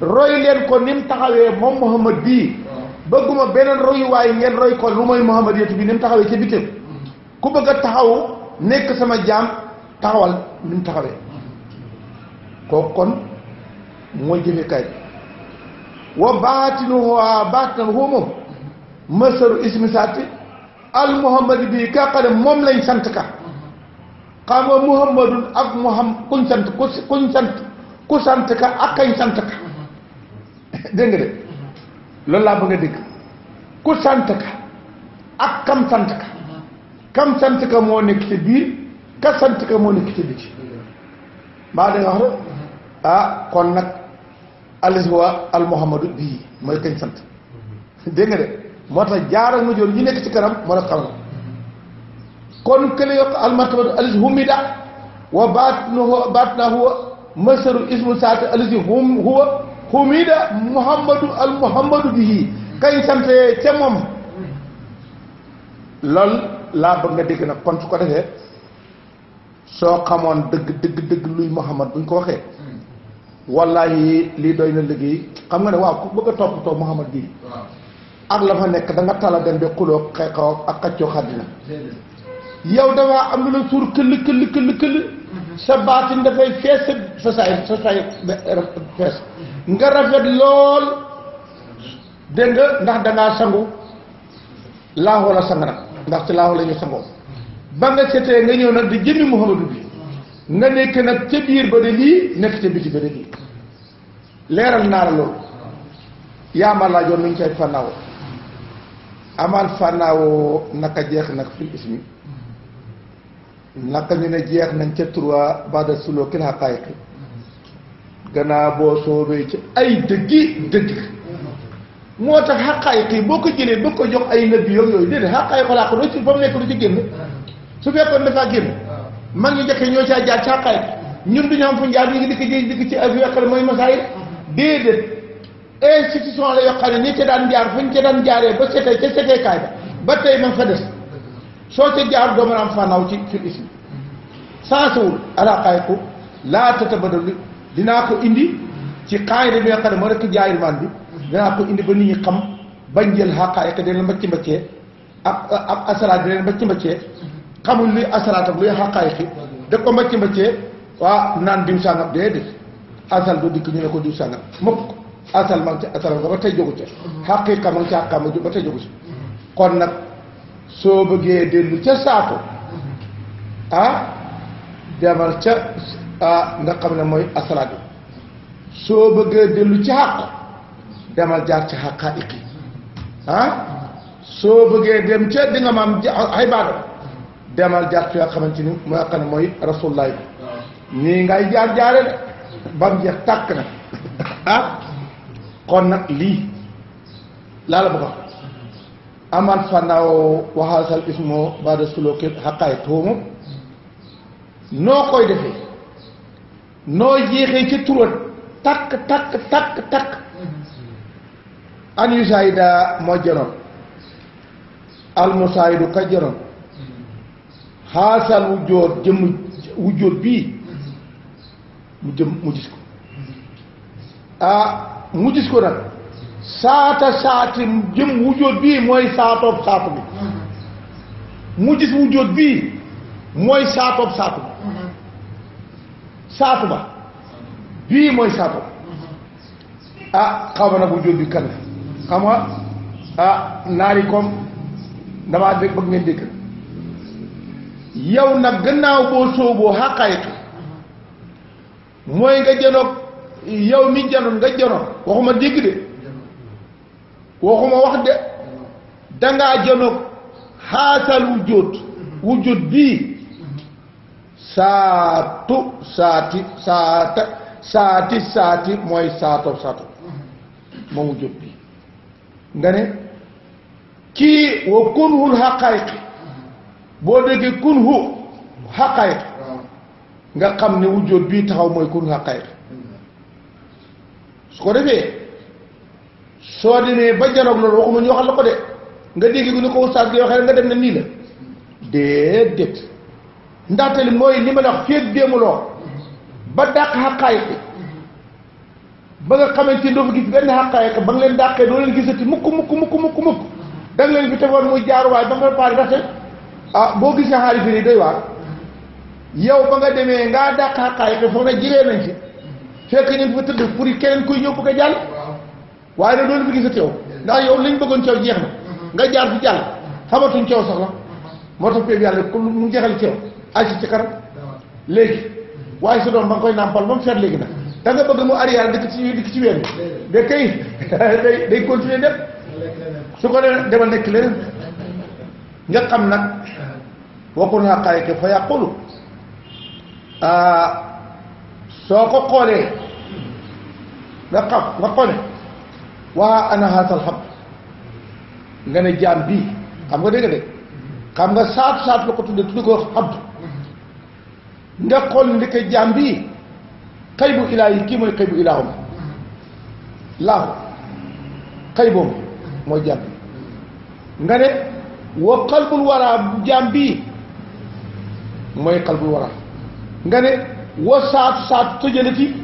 roy leen ko ni mu taxawee moom Muhammad bii bëgguma beneen royuwaay ngeen roy ko lu mooy Muhammad yétu bi ni mu taxawee ca bitim ku bëgg a taxaw nekk sama jaam taxawal ni mu taxawee kooku kon mooy jëfekaay wa baatinu waa baat moom masaru ismi saati al muhammad bii kaa xam ne moom lañ sant ka xam nga muhammadun ak muham kuñ sant ku kuñ ak kañ sant ka dégg loolu laa bëgg a dégg ku sant ak kam sant ka kam sant ka moo nekk ci ka sant moo nekk ci biti mbaa da nga wax rek ah kon nag al bii mooy kañ sant dégg moo tax jaaral ma joor ñu nekk ci kanam moo la xamal kon kële yokk almartabatu alisi humida wa baatnahu baatnahu masaru ismu saati alisi hum huwa humida muhammadu al muhammadu bihi kañ sante ca moom loolu laa bëgg nga dégg nag kon su ko defee soo xamoon dëgg dëgg dëgg luy muhammad buñ ko waxee hmm. wallaahi lii doy na liggéey xam nga ne waaw ku bëgg a toppatoo muhammad bii ak la fa nekk da nga tala dem ba xuloo xeexoo ak xaccoo xaddina yow dama am lu la suur këll këll këll këll sa baatin dafay fees sa sa saay sa saay fees nga rafet lool dégg nga ndax da ngaa sangu laaxoo la sang nag ndax ci laaxoo la ñu sangoo ba nga seetee nga ñëw nag di jëmmi Muhammadu bi nga nekk nag ca biir ba de lii nekk ca biti ba de lii leeral naa la loolu yaa laa joon nañ cay fannaaw amal fànnaawoo naka jeex nag fil ismi naka ñu ne jeex nañ ca trois bada suloo kil xaqaayiqi gannaaw boo soobee ci ay dëggi dëgg moo tax xaqaayiqi boo ko jëlee ba ko jox ay nëbbi yoom yooyu déedéet xaqaayiqu laa ko ci fa mu nekk du ci génn su fekkoon dafaa génn man ñu jëkkee ñoo ca jaar ci xaqaayiq ñun duñu am fu ñu jaar ñu ngi dikk ji dikk ci ay fi wekkal mooy masaayil déedéet a la yoo xam ne ñi ci daan jaar fu ñu ci daan jaaree ba setee ca seteekaay ba ba tey ma fa des soo te jaar doo mën a am fanaw ci fil islam sansewul alaaqaayku laa tatabadalu dinaa ko indi ci xaayida bi nga xam ne moo rekk jaayil maan bi dinaa ko indi ba nit ñi xam bañ jël xaqaayika dina mbacc mbaccee ab ab asaraat dina mbacc mbaccee xamul luy asaraat ak luy xaqaayiki da ko mbacc mbaccee waa naan diw sàngam dee def asal du dikk ñu ne ko diw sàngam mukk asal ma ci asal nga ba tey jógu ca xaqiqa ma ngi ci xaqiqa ma ba tey jógu ca kon nag soo bëggee dellu ca saako ah demal ca ah, nga xam ne mooy asalaat bi soo bëggee ci xàq demal jaar ci xaqaa'iqi ah soo bëggee dem ca di nga maam ay demal jaar ci nga xamante ni mooy xam ne mooy rasulullahi nii ngay jaar jaare de bam jeex tàkk na ah, kon nag lii laa la bëgg a wax aman waxaasal ismo baada sulooki xaqaay tuumu noo koy defee noo jeexee ci tural takk takk takk takk an yusaayida moo janoon xaasal wujjóot jëm wujjóot bii mu jëm mu gis ko ah mu gis ko nag saata saati jëm wujjóot bii bii mooy saatoob saatu bi saatu ba bii mooy saatoob ah xaw ma nag wujjóot bi kan xam nga ah naari comme damaa dégg bëgg ngeen dégg yow nag gannaaw boo sóoboo xaqayiq mooy nga jëloog yow mi janoon nga janoon waxuma dégg de waxuma wax de dangaa janoog xaasal wujjóot wujjóot bii saatu saati saata saati saati mooy saato saato moom wujjóot bii nga ne kii wa kunhul xaqayqi boo déggee kunhu xaqayqi nga xam ne wujjóot bii taxaw mooy kunhu xaqayqi su ko defee soo demee ba janoog loolu waxuma ñu waxal la ko de nga dégg ni ko ustaas gi waxee nga dem na nii la déedéet ndaxte li mooy li ma la wax féeg déemuloo ba dàq xaqaayiq ba nga xamante ni doo fa gis benn xaqaayiq ba nga leen dàqee doo leen gisati mukk mukk mukk mukk mukk da nga leen fi tegoon muy jaaruwaay ba nga paari ndaxte ah boo gisee xaalis yi doy waar yow ba nga demee ngaa dàq xaqaayiq foog na jigee nañ ci fekk ngeen fa tëdd pour keneen kuy ñëw bëgg a jàll waaye nag loolu bi gisa teew ndax yow liñ bëggoon ceew jeex na mm-hmm. nga jaar fi jàll mm-hmm. xamatuñ ceew soxla mm-hmm. moo tax péeb yàlla comme mu jeexal ceew ay ci kanam léegi waaye sa doom ba nga koy nàmpal ba mu feet léegi nag da nga bëgg mu arrière dikk ci dikk ci wéen da day day continuer def su ko dee demal nekk leneen nga xam nag wakkun xaqaay ke fa yàqulu soo ko xoolee nga nga xone waa ana haatal nga ne jaam bii xam nga dégg de xam nga saat saat la ko tudde tudde nga xool ndi ko jaam bii xëy bu ilaa yi kii mooy xëy bu ilaahum laahu mooy jaam bi nga ne wa xalbul waraa jaam bii mooy xalbul waraa nga ne wa saat saat tëjalati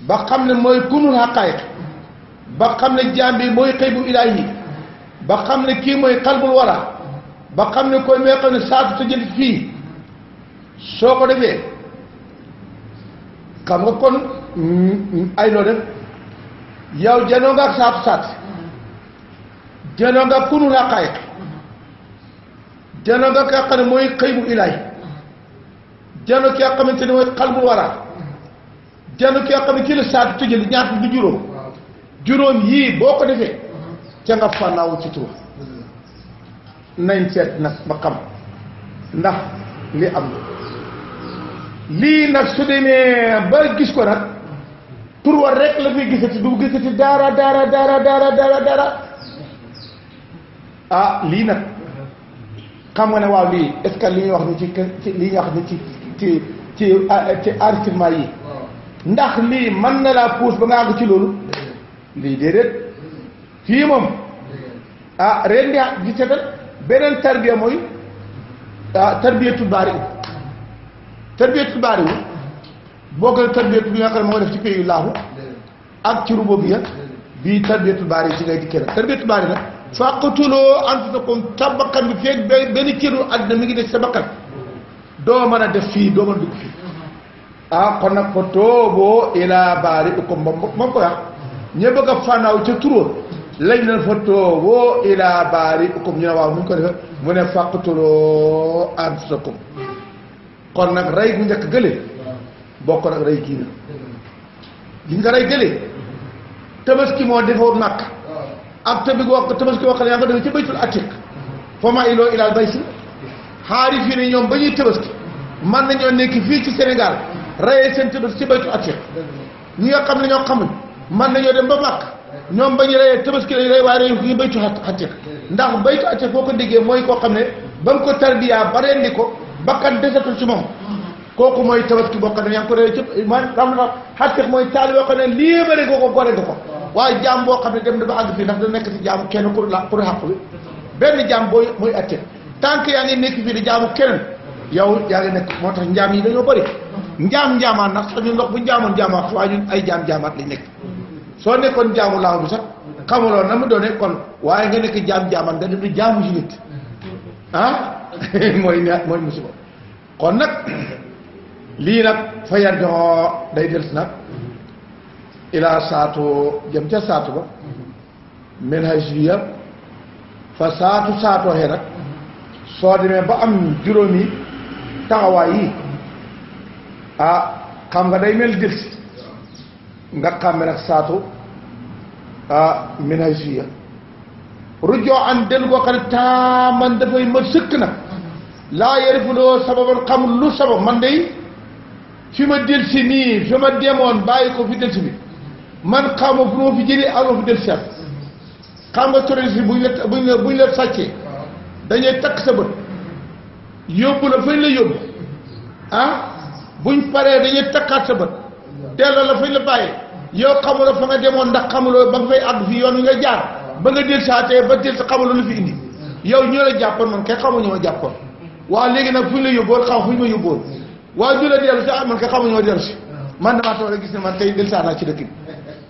ba xam ne mooy kunul xaqaayiq ba xam ne jaam bi mooy xëy bu ilaahi ba xam ne kii mooy xalbul wara ba xam ne koy mee xam ne saatu ko defee xam nga kon mm, ay noo janoo nga ak xam ne mooy xëy ki nga xamante ne mooy xalbul wara kenn ki nga xam ne kii la saako tëjee li ñaata du juróom juróom yii boo ko defee ca nga fanaaw ci tuba nañ seet nag ba xam ndax li am na lii nag su demee ba gis ko nag pour war rek la fi gisati du gisati dara dara dara dara ah lii nag xam nga ne waaw lii est li ñuy wax ni ci ci li ci ci ci yi. ndax li man na laa puus ba nga àgg ci loolu lii déedéet fii moom ah ren di di beneen tarbiya mooy ah tarbiyatu baari wu tarbiyatu baari boo bokkul tarbiyatu bi nga xam moo def ci pays yu laaxu ak ci rububiya bii tarbiyatu baari ci ngay dikkee nag tarbiyatu baari nag faqtuloo anfusakum sa bakkan bi feeg benn cëru àddina mi ngi des sa bakkan mën a def fii doo mën dugg fii. ah kon nag fa tooboo ilaa baari ukum moom moom ko wax ña bëgg a fanaaw ca turó lañ leen fa tooboo ilaa baari ukum ñu ne waaw nu ko defe mu ne faqtuloo anfusakum kon nag rey gu njëkk gële bokk nag rey gii na gis nga rey gële tabaski moo defoo màkk ak tabigu wax tabaski wax la yaa ko defee ca baytul atiq fa ma iloo ilaal bay si xaari fii ñoom ba ñuy tabaski man nañoo nekk fii ci Sénégal rayee seen tëbët ci baytu atiq ñi nga xam ne ñoo xamuñ man nañoo dem ba màkk ñoom ba ñu rayee tabaski lañ rey waaye rey ñu baytu atiq ndax boo ko déggee mooy koo xam ne ba nga ko tarbiyaa ba rendi ko bakkan desatul ci moom kooku mooy tabaski boo xam ne yaa ngi ko rey ci man xam na atiq mooy taal yoo xam ne libéré nga ko gore nga ko waaye jaam boo xam ne dem na ba àgg fii ndax da nekk jaamu kenn pour la pour xàq bi benn jaam booy mooy atiq tant que yaa ngi nekk fii di jaamu keneen yow yaa ngi nekk moo tax njaam yi dañoo bëri njaam njaamaan nag sax ñun ndox bu njaamoon jaamaat waaye lañ nekk soo nekkoon jaamu laaw bi sax xamuloo na mu doone waaye nga nekk jaam jaamaat nga dem di jaamu ah si nag lii nag fa yarjoo day dellusi nag ilaa saatu jëm ca saatu ba min hay si yëpp fa saatu saatoo xee nag soo demee ba am juróomi taxawaay yi ah xam nga day mel dils nga xàmme nag saatu ah ménagiya rujoo an del goo xam ne taaman dafay ma sëkk nag laa yarifuloo sababan xam lu sabab man day fi ma del si nii fi ma demoon bàyyi ko fi del si bi man xawma fu ma fi jëli ak ma fi del si at xam nga touriste buñ la buñ la buñ la sàccee dañuy takk sa bët yóbbu la fañ la yóbbu ah buñ paree dañuy takkaat sa bët teeloo la fañ la bàyyi yow xamuloo fa nga demoon ndax xamuloo ba nga fay àgg fii yoon wi nga jaar ba nga del saatee ba del sa xamuloo lu fi indi yow ñoo la jàppoon man kay xamuñu ma jàppoon waa léegi nag fuñ la yóbboon xam fuñ ma yóbboon waaye ñu la dellu si ah man kay xamuñu ma dellu si man damaa toog rek gis ne man tey del saa naa ci dëkk bi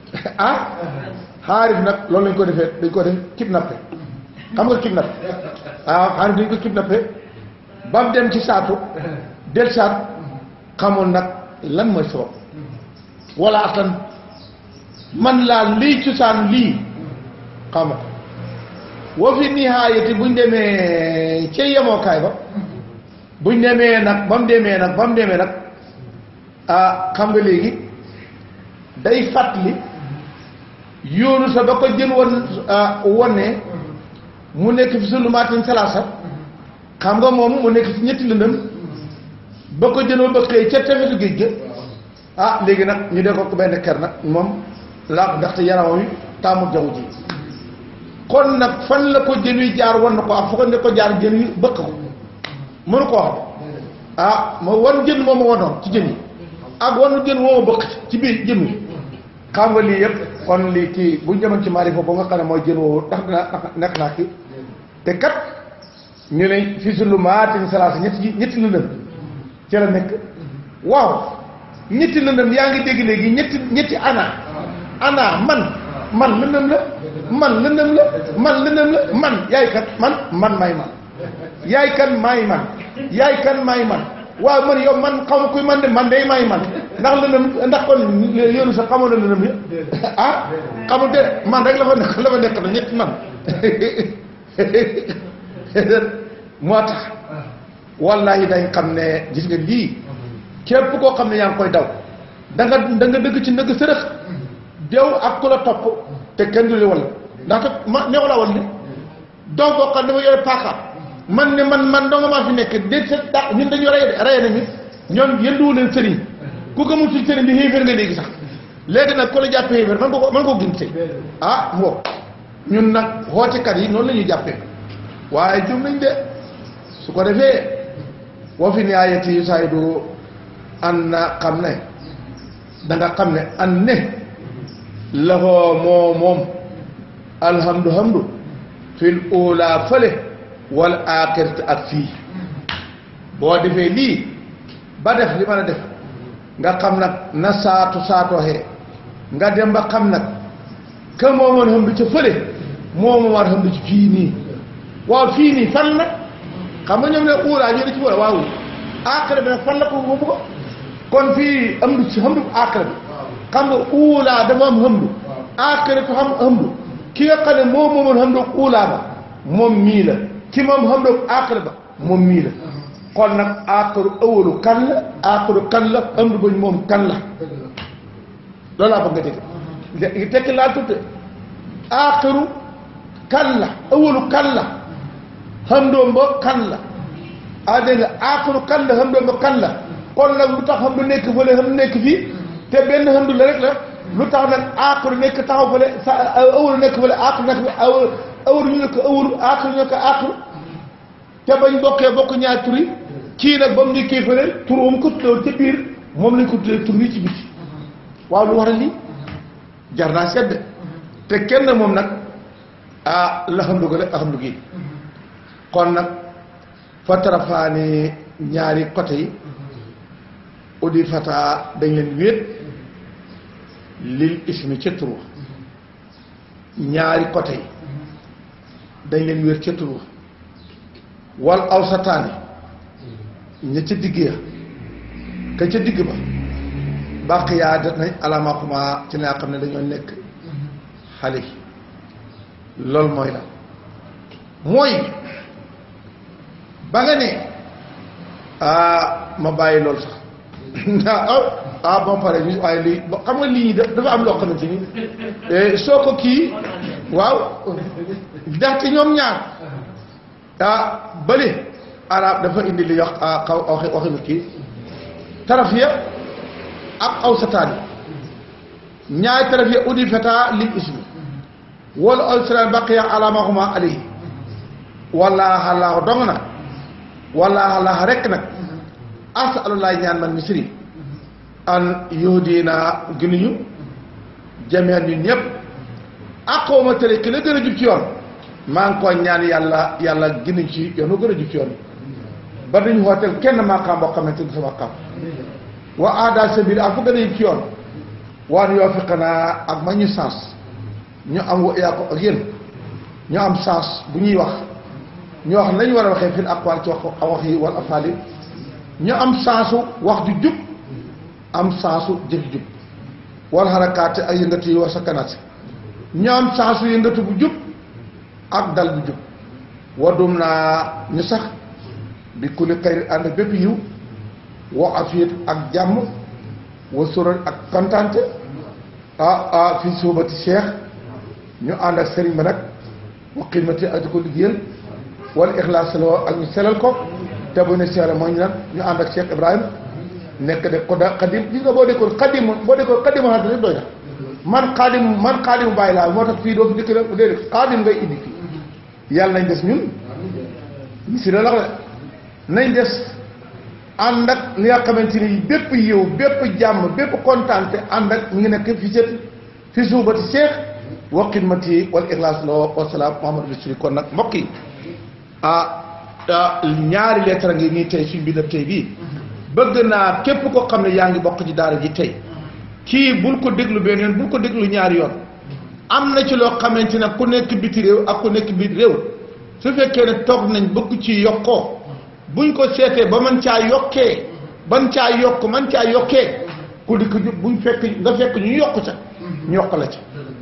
ah xaarif nag loolu lañ ko defee dañ ko def kidnappé xam nga kidnappé waaw ah, xaarif dañ ko kidnappé ba mu dem ci saatu del saat xamoon nag lan mooy soow wala atan man laa lii cosaan lii xama wa fi nihaayati buñ demee ca yemookaay ba buñ demee nag ba mu demee nag ba mu xam nga léegi day fàttali yoonu sa ba ko jël woon wonee mu nekk fi sunu maatin salaasa xam nga moom mu nekk ci ñetti lëndëm ba ko jënoo ba xëy ca tefetu géej ga ah léegi nag ñu dee ko benn ker nag moom laab ndaxte yaramam yi taamul jaww ji kon nag fan la ko jën wi jaar na ko ak fu ko jaar jën wi ko mënu ko wax ah ma wan jën moom ma wanoon ci jën yi ak wanu jën moom ma ci biir jën wi xam nga lii yëpp kon lii ci bu ñu ci maarifa boobu nga xam ne mooy jën woowu tax na nekk naa ki te kat ñu ne fii zulumaatin salaasa ñetti ñetti lëndëm ci la nekk waaw ñetti lëndëm yaa ngi dégg léegi ñetti ñetti ana ana man man lëndëm la man lëndëm la man lëndëm la man yaay kan man man maay man yaay kan maay man yaay kan maay man waaw man yow man xaw ma kuy man de man day maay man ndax lëndëm ndax kon yoonu sa xamoon na lëndëm yi ah xamul de man rek la fa nekk la fa nekk na ñetti man moo tax wallahi dañ xam ne gis nga lii képp koo xam ne yaa ngi koy daw da nga da dëgg ci ndëgg sërëx dew ak ku la topp te kenn du li wala ndaxte ma neew la wal ne boo xam dafa yore paaka man ne man man doo nga maa fi nekk dé da ñun dañu rey rey nañu ñoom yënduwu leen sëriñ ku gëmul ci sëriñ bi xéeféer nga léegi sax léegi nag ku la jàppee xéeféer man ko mën ko ginte ah moo ñun nag xootikat yi noonu la ñuy jàppee waaye jum nañ de su ko defee wa fi niayati yu saydu an na xam ne da nga xam ne an ne laxoo moo moom alhamdu hamdu fil ula fële wal aaxirat ak fii boo defee lii ba def li mën a def nga xam nag na saatu saatooxee nga dem ba xam nag ka moomoon xam du ca fële moo moomaat xam du nii waaw fii nii fan la xam nga ñoom ne xuuraa ñu di ci boole waaw aaxira bi nag fan la ko boobu ko kon fii amdu ci xamdu aaxira bi xam nga uulaa dafa am xamdu aaxira tu xam xamdu ki nga xam ne moo moomoon xamdu uulaa ba moom mii la ki moom xamdu aaxira ba moom mii la kon nag aaxiru awalu kan la aaxiru kan la ëmb bañ moom kan la loolu laa bëgg nga dégg nga tekki laa tudd aaxiru kan la awalu kan la xëndoom ba kan la ah dégg nga aaxaru kan la xëndoom ba kan la kon nag lu tax xëndu nekk fële xëndu nekk fii te benn xëndu la rek la lu tax nag aaxaru nekk taxaw fële sa awaru nekk fële aaxaru nekk fële awaru awaru te bañ bokkee bokk ñaar tur yi kii nag ba mu nekkee fële tur am ko tuddee ca bi waaw lu waral lii jar naa sedd te kenn moom nag ah la xëndu ko la xëndu gi kon nag fa tarafaani ñaari côté yi uddi fataa dañ leen wéet lil ismi ca turu ñaari côté yi dañ leen wéet ca turu wal aw sataani ña ca digg ya ka ca digg ba bàq yaa def nañ alamakuma ci naa xam ne dañoo nekk xale loolu mooy la mooy ba nga ne ah, ma bàyyi loolu sax ah oh, ah bon pare ñu waaye lii xam nga lii dafa am loo xamante ni eh, soo ko kii waaw ndaxte ñoom ñaar ah, bële arab dafa indi li wax ah xaw waxi waxi na kii tarafiya ak awsataan yi ñaari tarafiya udi feta lil ismi wala awsataan baqiya ala ma huma alayhi dong na wala laa rekk nag asalulaay ñaan man misri an yuhdina gënuñu jameen ñu ñëpp aqooma ma ki la gën a jub ci yoon maa ngi koy ñaan yàlla yàlla gënuñ ci yoonu gën a jub ci yoon ba duñu hooteel kenn maaqaam boo xamante ni sama xam wa aada sabir ak fu gën a jub ci yoon waan yoo fiqa naa ak ma ñu sens ñu am wa yaa ko ak yéen ñu am sens bu ñuy wax ñu wax nañu war a waxee fil aqwaal ci wax wax yi wal afaali ñu am saasu wax ju jub am saasu jëf jub wal xarakaat ak yëngatu wax sa kanaat ñu am saasu yëngatu bu jub ak dal bu jub wadum naa ñu sax bi ku li xayri ànd bépp yiw wax afiit ak jàmm wa sural ak kontante ah suubati seex ñu ànd ak sëriñ ba nag wa xidmati ak di ko liggéeyal wala ixlaas la ak ñu selal ko te bu ne seere mooy ñu nag ñu ànd ak Cheikh Ibrahim nekk de koda xadim gis nga boo dekkoon xadim boo dekkoon xadim xadim lépp doy na man xaadim man xaadim bàyyi laa moo tax fii doo fi dikk rek déedéet xaadim ngay indi fii yàlla nañ des ñun si la lax la nañ des ànd ak li nga xamante ni bépp yiw bépp jàmm bépp kontaan te ànd ak ñu ngi nekk fi sët fi suubati ma wa xidmati wal ixlaas loo wa salaam nag mbokk yi ah ñaari lettre ngi nii tey suñ bindab tey bii bëgg naa képp koo xam ne yaa ngi bokk ci daara gi tey kii bul ko déglu benn bul ko déglu ñaari yoon am na ci loo xamante ne ku nekk biti réew ak ku nekk biti réew su fekkee ne toog nañ bëgg ci yokkoo buñ ko seetee ba mën caa yokkee ban caa yokk man caa yokkee ku dikk buñ fekk nga fekk ñu yokk ca ñu yokk la ci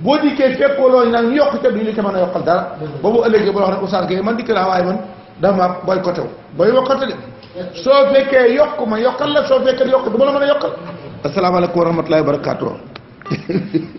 boo dikkee fekkoo loolu nag ñu yokk ca duñu la ca mën a yokkal dara boobu ëllëgee boo wax ne Ousmane Gueye man dikk naa waaye man dafa ma boycotté wu booy boycotté de soo fekkee yokk ma yokkal la soo fekkee yokk du ma la mën a yokkal asalaamaaleykum wa rahmatulahi wa